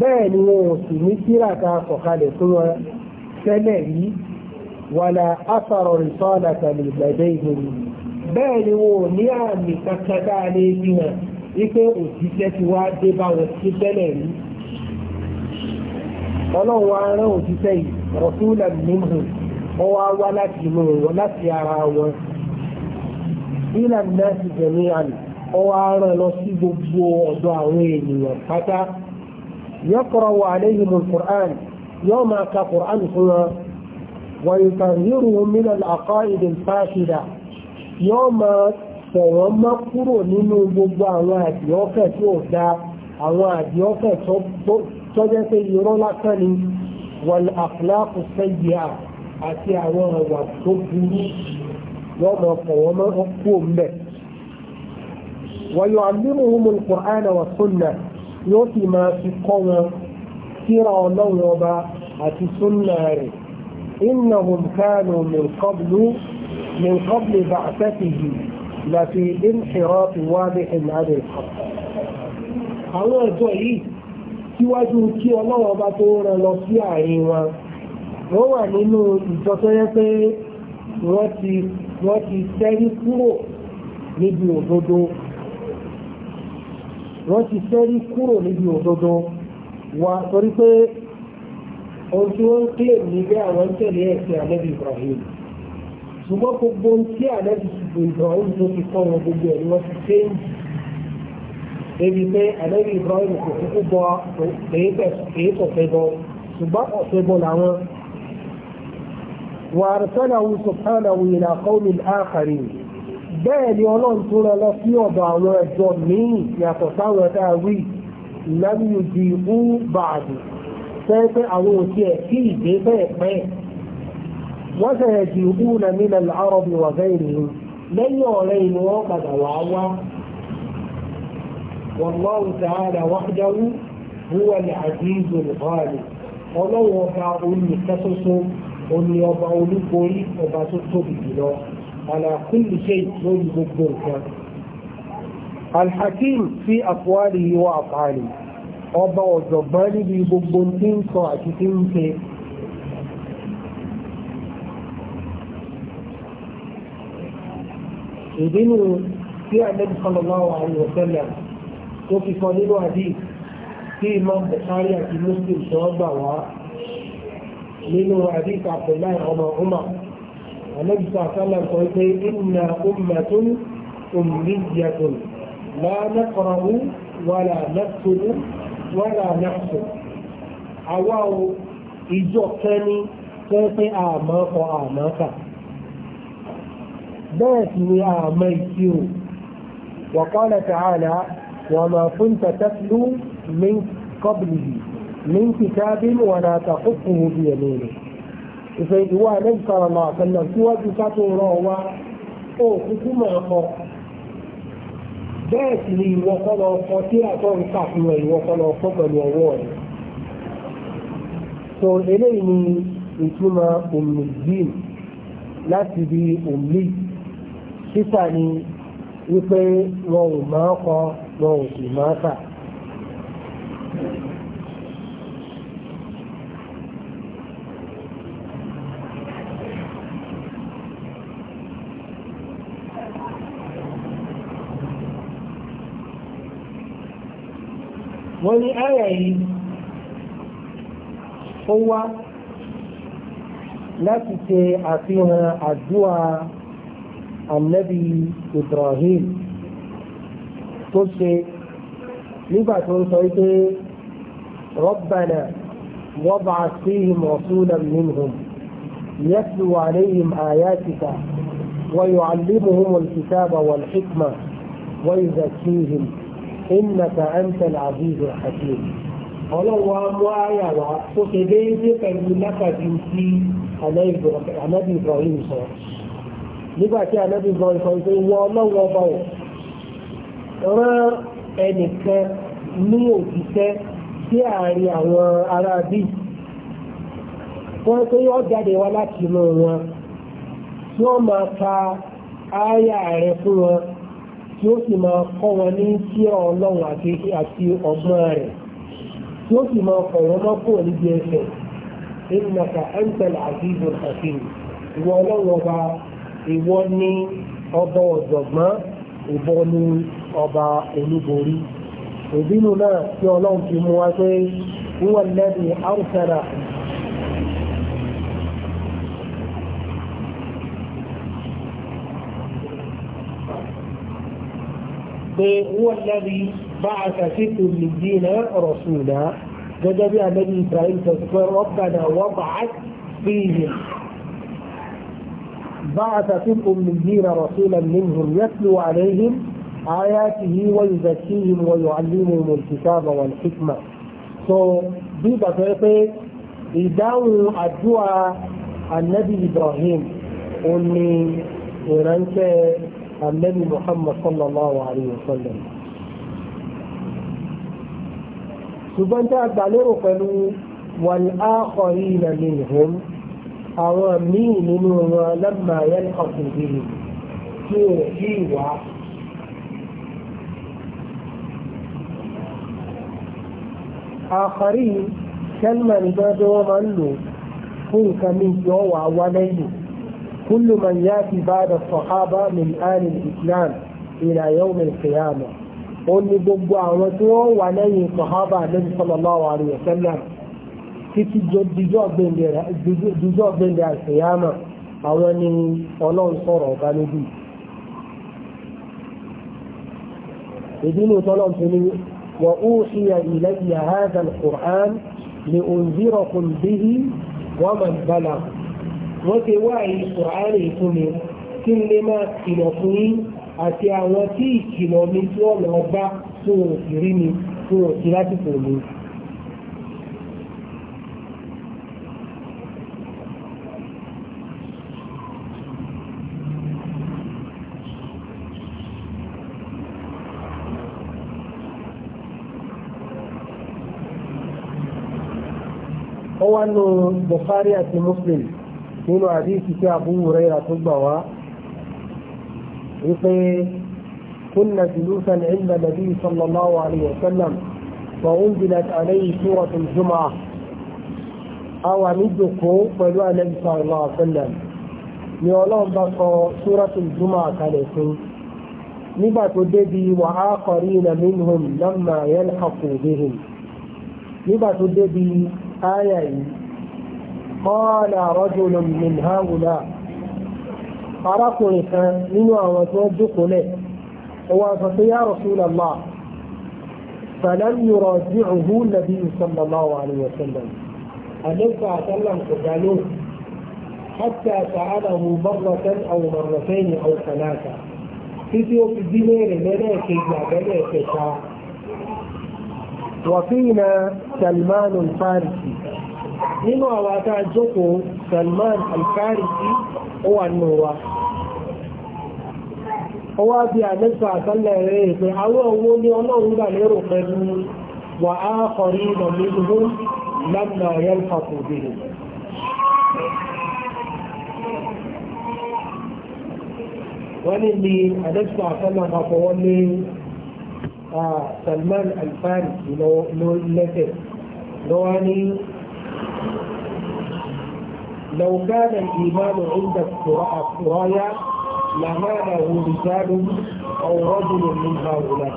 Speaker 1: bẹ́ẹ̀ ni wọn ò sì ní tíraka sọ̀kalẹ̀ fún wọn tẹ́lẹ̀ rí wala athara risalatan ladayhim bẹ́ẹ̀ ni wọn ò ní àmì kankan dáa lé bí wọn wípé òjíṣẹ́ ti wá dé bá wọn sí tẹ́lẹ̀ rí ọlọ́run wa rán òjíṣẹ́ yìí rọ̀túnlẹ̀ mímú ọ wá wá láti mú wọn láti ara wọn ìlànà náà ti jẹ̀mí àmì ọ wá rán lọ sí gbogbo ọ̀dọ̀ àwọn ènìyàn pátá wà lẹ́yìn máa ka fún wọn wọ́n yóò tàn mílíọ̀nù yóò máa sọ̀rọ̀ mọ́ kúrò nínú gbogbo àwọn àdìọ́fẹ̀ tí ò da àwọn àdìọ́fẹ̀ tọ́jẹ́ pé irọ́ lásán ni wal akhlaq sayyi'a àti àwọn ọ̀wà tó burú yóò máa sọ̀rọ̀ mọ́ kúrò mbẹ̀. ويعلمهم القرآن والسنة يوتي ما في قوة سيرا ونوبة أتي سنة إنهم كانوا من قبل من قبل بعثته لفي انحراف واضح عن الحق àwọn ẹ̀jọ́ yìí síwájú kí ọlọ́wọ́ bá tó rán lọ sí àárín wọn wọ́n wà nínú ìjọ tó yẹ pé wọ́n ti wọ́n ti tẹ́rí kúrò níbi òdodo wọ́n ti tẹ́rí kúrò níbi òdodo wa torí pé ohun tí wọ́n ń kílè nígbẹ́ àwọn tẹ̀lé ẹ̀sìn àlẹ́bí Ibrahim ṣùgbọ́n gbogbo tí àlẹ́bí ṣùgbọ́n Ibrahim tó ti kọ́ wọn gbogbo ẹ̀ ni wọ́n ti ṣéǹjì débi pé àlẹ́bí Ibrahim kò kúkú bọ èyí kò fẹ́ bọ ṣùgbọ́n ọ̀fẹ́ bọ làwọn. وأرسله سبحانه إلى قوم آخرين bẹ́ẹ̀ ni ọlọ́run tó rán lọ sí ọ̀dọ̀ àwọn ẹjọ́ míì yàtọ̀ sáwọn ẹ̀dá wí lẹ́yìn ìdí ìhú bàdì fẹ́ pé àwọn òkè ẹ̀ kí ìdé bẹ́ẹ̀ pẹ́ẹ́ وسيجيبون من العرب وغيرهم لن يعلن وقد وعوى والله تعالى وحده هو العزيز الغالب ọlọ́run ọba olùkẹ́sọ́sọ́ omi ọba olúborí ọba tó tóbi jùlọ alákùnlé ṣe lórí gbogbo nǹkan alhakim fi àfọwárí wa àfààrí ọba ọ̀jọ̀gbọ́n níbi gbogbo tí ń sọ àti tí ń ṣe ìdínú tí àdébí sallallahu alaihi wa sallam tó fi kan nínú àdí tí Imam Bukhari àti Muslim sọ gbà wá nínú àdí kàpẹ̀ láì ọmọ ọmọ àdébí sallallahu sọ pé inna ummatun ummiyatun la naqra'u wala naktubu wala naktub àwa ìjọ kẹni pé pé àmọ́ kọ àmọ́ kà. bẹ́ẹ̀ sì ni àmọ́ وقال تعالى وما كنت تتلو من قبله من كتاب ولا تخطه بيمينه ìfẹ́ ìwà àlẹ́yìn sọ̀rọ̀ àtẹ̀lẹ̀ síwájú kátó rọ̀ wá ó kúkú mọ̀ ọkọ̀ bẹ́ẹ̀ sì ni ìwọ kọ́lọ̀ ọkọ̀ tí àtọ́ ń ṣàfihàn so eléyìí ni ìtumọ̀ òmìnir láti bí títà ni wípé wọn ò máa kọ wọn ò sì máa tà. wọ́n ní ààrẹ yìí ó wá láti ṣe àfihàn àdúrà النبي إبراهيم قلت لبعة رسائك ربنا وابعث فيهم رسولا منهم يتلو عليهم آياتك ويعلمهم الكتاب والحكمة ويزكيهم إنك أنت العزيز الحكيم ولوام وآية وقلت لبعة رسائك النبي إبراهيم صلى الله عليه وسلم nígbà tí anábì gan sọ pé wọ ọlọ́wọ́ ọba ò rán ẹnìkan ní òjíṣẹ́ sí àárín àwọn ará bíi wọ́n pé yọ́ jáde wá láti inú wọn tí wọ́n máa ka ááyà rẹ̀ fún wọn tí ó sì máa kọ́ wọn ní sí ọlọ́run àti ọgbọ́n rẹ̀ tí ó sì máa kọ̀ wọ́n mọ́kò níbi ẹsẹ̀ nínú nàkà ẹ̀ńtẹ̀lẹ̀ àti ìbò àfihàn ìwọ ọlọ́run ọba ìwọ ni ọba ọ̀jọ̀gbọ́n ìbọ ni ọba olúborí ìbínú náà tí ọlọ́run ti mú wa pé wíwọ́n lẹ́bi àrùsẹ̀rà pé wíwọ́n lẹ́bi bá àkàṣìkò nìjí náà gẹ́gẹ́ bí àlẹ́bí Ibrahim sọ pé rọ́bà wọ́n bàá fíìhìn بعث في الأميين رسولا منهم يتلو عليهم آياته ويزكيهم ويعلمهم الكتاب والحكمة so bí bàtẹ́ pé ìdáhùn àdúrà annabi ibrahim ó ní ìránṣẹ́ annabi muhammad sallallahu alayhi wa sallam ṣùgbọ́n tí a gbà lérò pẹ̀lú wal akharina minhum àwọn míì nínú wọn lọ́mọ ayẹ́lẹ́kọ̀ọ́kùn bíi tí ò sí ìwà. àkọ́rí kẹ́lìmọ̀ nìkan tí wọ́n máa ń lò fún nǹkan mi yọ wà wá lẹ́yìn كل من يأتي بعد الصحابة من آل الإسلام إلى يوم القيامة ó ní gbogbo àwọn tí wọ́n wà lẹ́yìn sọ̀hábà lẹ́yìn sallallahu alaihi wasallam títí dijọ́ gbẹ̀ndẹ̀ àṣeyámà àwọn ni ọlọ́run sọ̀rọ̀ ọ̀gá níbí. ìdínú tọ́lọ́run tó ní wà ó ṣe ìlẹ́yìn àhádà al-Qur'an ni unzirakum bihi wa man balagh wọ́n ti wá àyè Qur'an fún mi kí n lè máa kìlọ̀ fún yín àti àwọn tí ìkìlọ̀ mi tí wọ́n lọ bá tí wọ́n rí mi tí wọ́n sì lásìkò mi. wá nù Bukhari àti Muslim nínú àdíkì tí Abu Hurairah tó gbà wá wípé كنا جلوسا عند النبي صلى الله عليه وسلم وأنزلت عليه سورة الجمعة أو أمدكو فلو النبي صلى الله عليه وسلم يقولون بقى سورة الجمعة كاليسين نبات دبي وآخرين منهم لما يلحقوا بهم nígbà tó débi áyà yìí kọ́ọ̀lá rọ́jòlò mìírànwùlá arákùnrin kan nínú àwọn tó jókòólẹ̀ ọwọ́ sọ pé yá Rasulullah فلم يراجعه النبي صلى الله عليه وسلم النبي صلى الله عليه وسلم حتى سأله مرة أو مرتين أو ثلاثة في في دينير ملاكي يا ملاكي وفينا سلمان الفارسي nínú àwọn àtàjọ́kò Salman Al-Farisi ó wà nínú wa ó wá bí àmẹ́sà àtàlẹ̀ rẹ̀ ìpẹ́ àwọn owó ní ọlọ́run gbà lérò pẹ̀lú wà á kọ̀rí ìdọ̀mígbó lọ́nà yẹn pàtó bèrè wọ́n ní àmẹ́sà àtàlẹ̀ àpapọ̀ wọ́n ní Salman Al-Farisi lọ́tẹ̀ lọ́wọ́ ní لو كان الإيمان عند الثرايا لمانه رجال أو رجل من هؤلاء.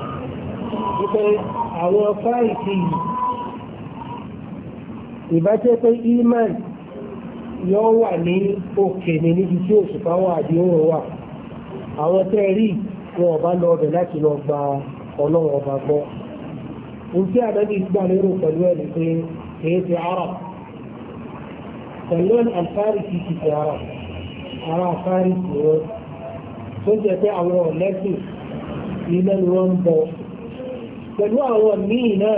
Speaker 1: àwọn fáìsì yìí ìbájẹ́ pé iman yóò wà ní òkè ní níbi tí òṣùpá wà àbí òun wà àwọn tẹ́ẹ̀rí wọn ò bá lọ ọbẹ̀ láti lọ gba ọlọ́run ọba gbọ́. Nti àdábì gbà lérò pẹ̀lú ẹ̀ ní pé kìí ti Arab. Pẹ̀lú àlùfáàrì kìí ti ti Arab. Ara àfáàrì kìí wọ́n. Tó jẹ́ pé àwọn ọ̀lẹ́sìn ilé ni wọ́n ń bọ̀. Pẹ̀lú àwọn míì náà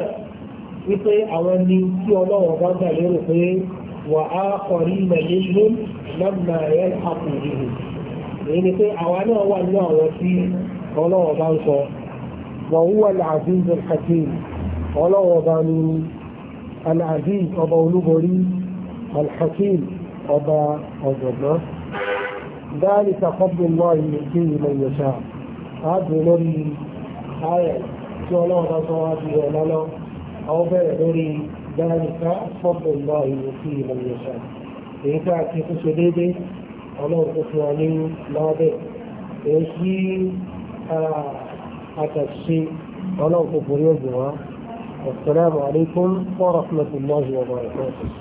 Speaker 1: wípé àwọn ni tí ọlọ́run ọba gbà lérò pé wà á kọ̀rí ilẹ̀ nínú lọ́nà ẹ̀ àkùnrin. Èyí ni pé àwa náà wà nínú àwọn tí ọlọ́run ọba ń sọ. وهو العزيز الحكيم ọlọ́wọ́ bá ní al-aziz ọba olúborí al-hakim ọba ọ̀jọ̀gbọ́n ذلك فضل الله يؤتيه من يشاء ààbò lórí ààrẹ tí ọlọ́wọ́ bá sọ wájú rẹ̀ lọ́lọ́ àwọn bẹ̀rẹ̀ lórí ذلك فضل الله يؤتيه من يشاء èyí tá a ti kú ṣe déédéé ọlọ́wọ́ tó fún wa ní lọ́dẹ̀ èyí ah, àtàṣe ọlọ́run kò borí ẹ̀bùn wa. Assalamu alaikum wa rahmatullahi wa barakatuh.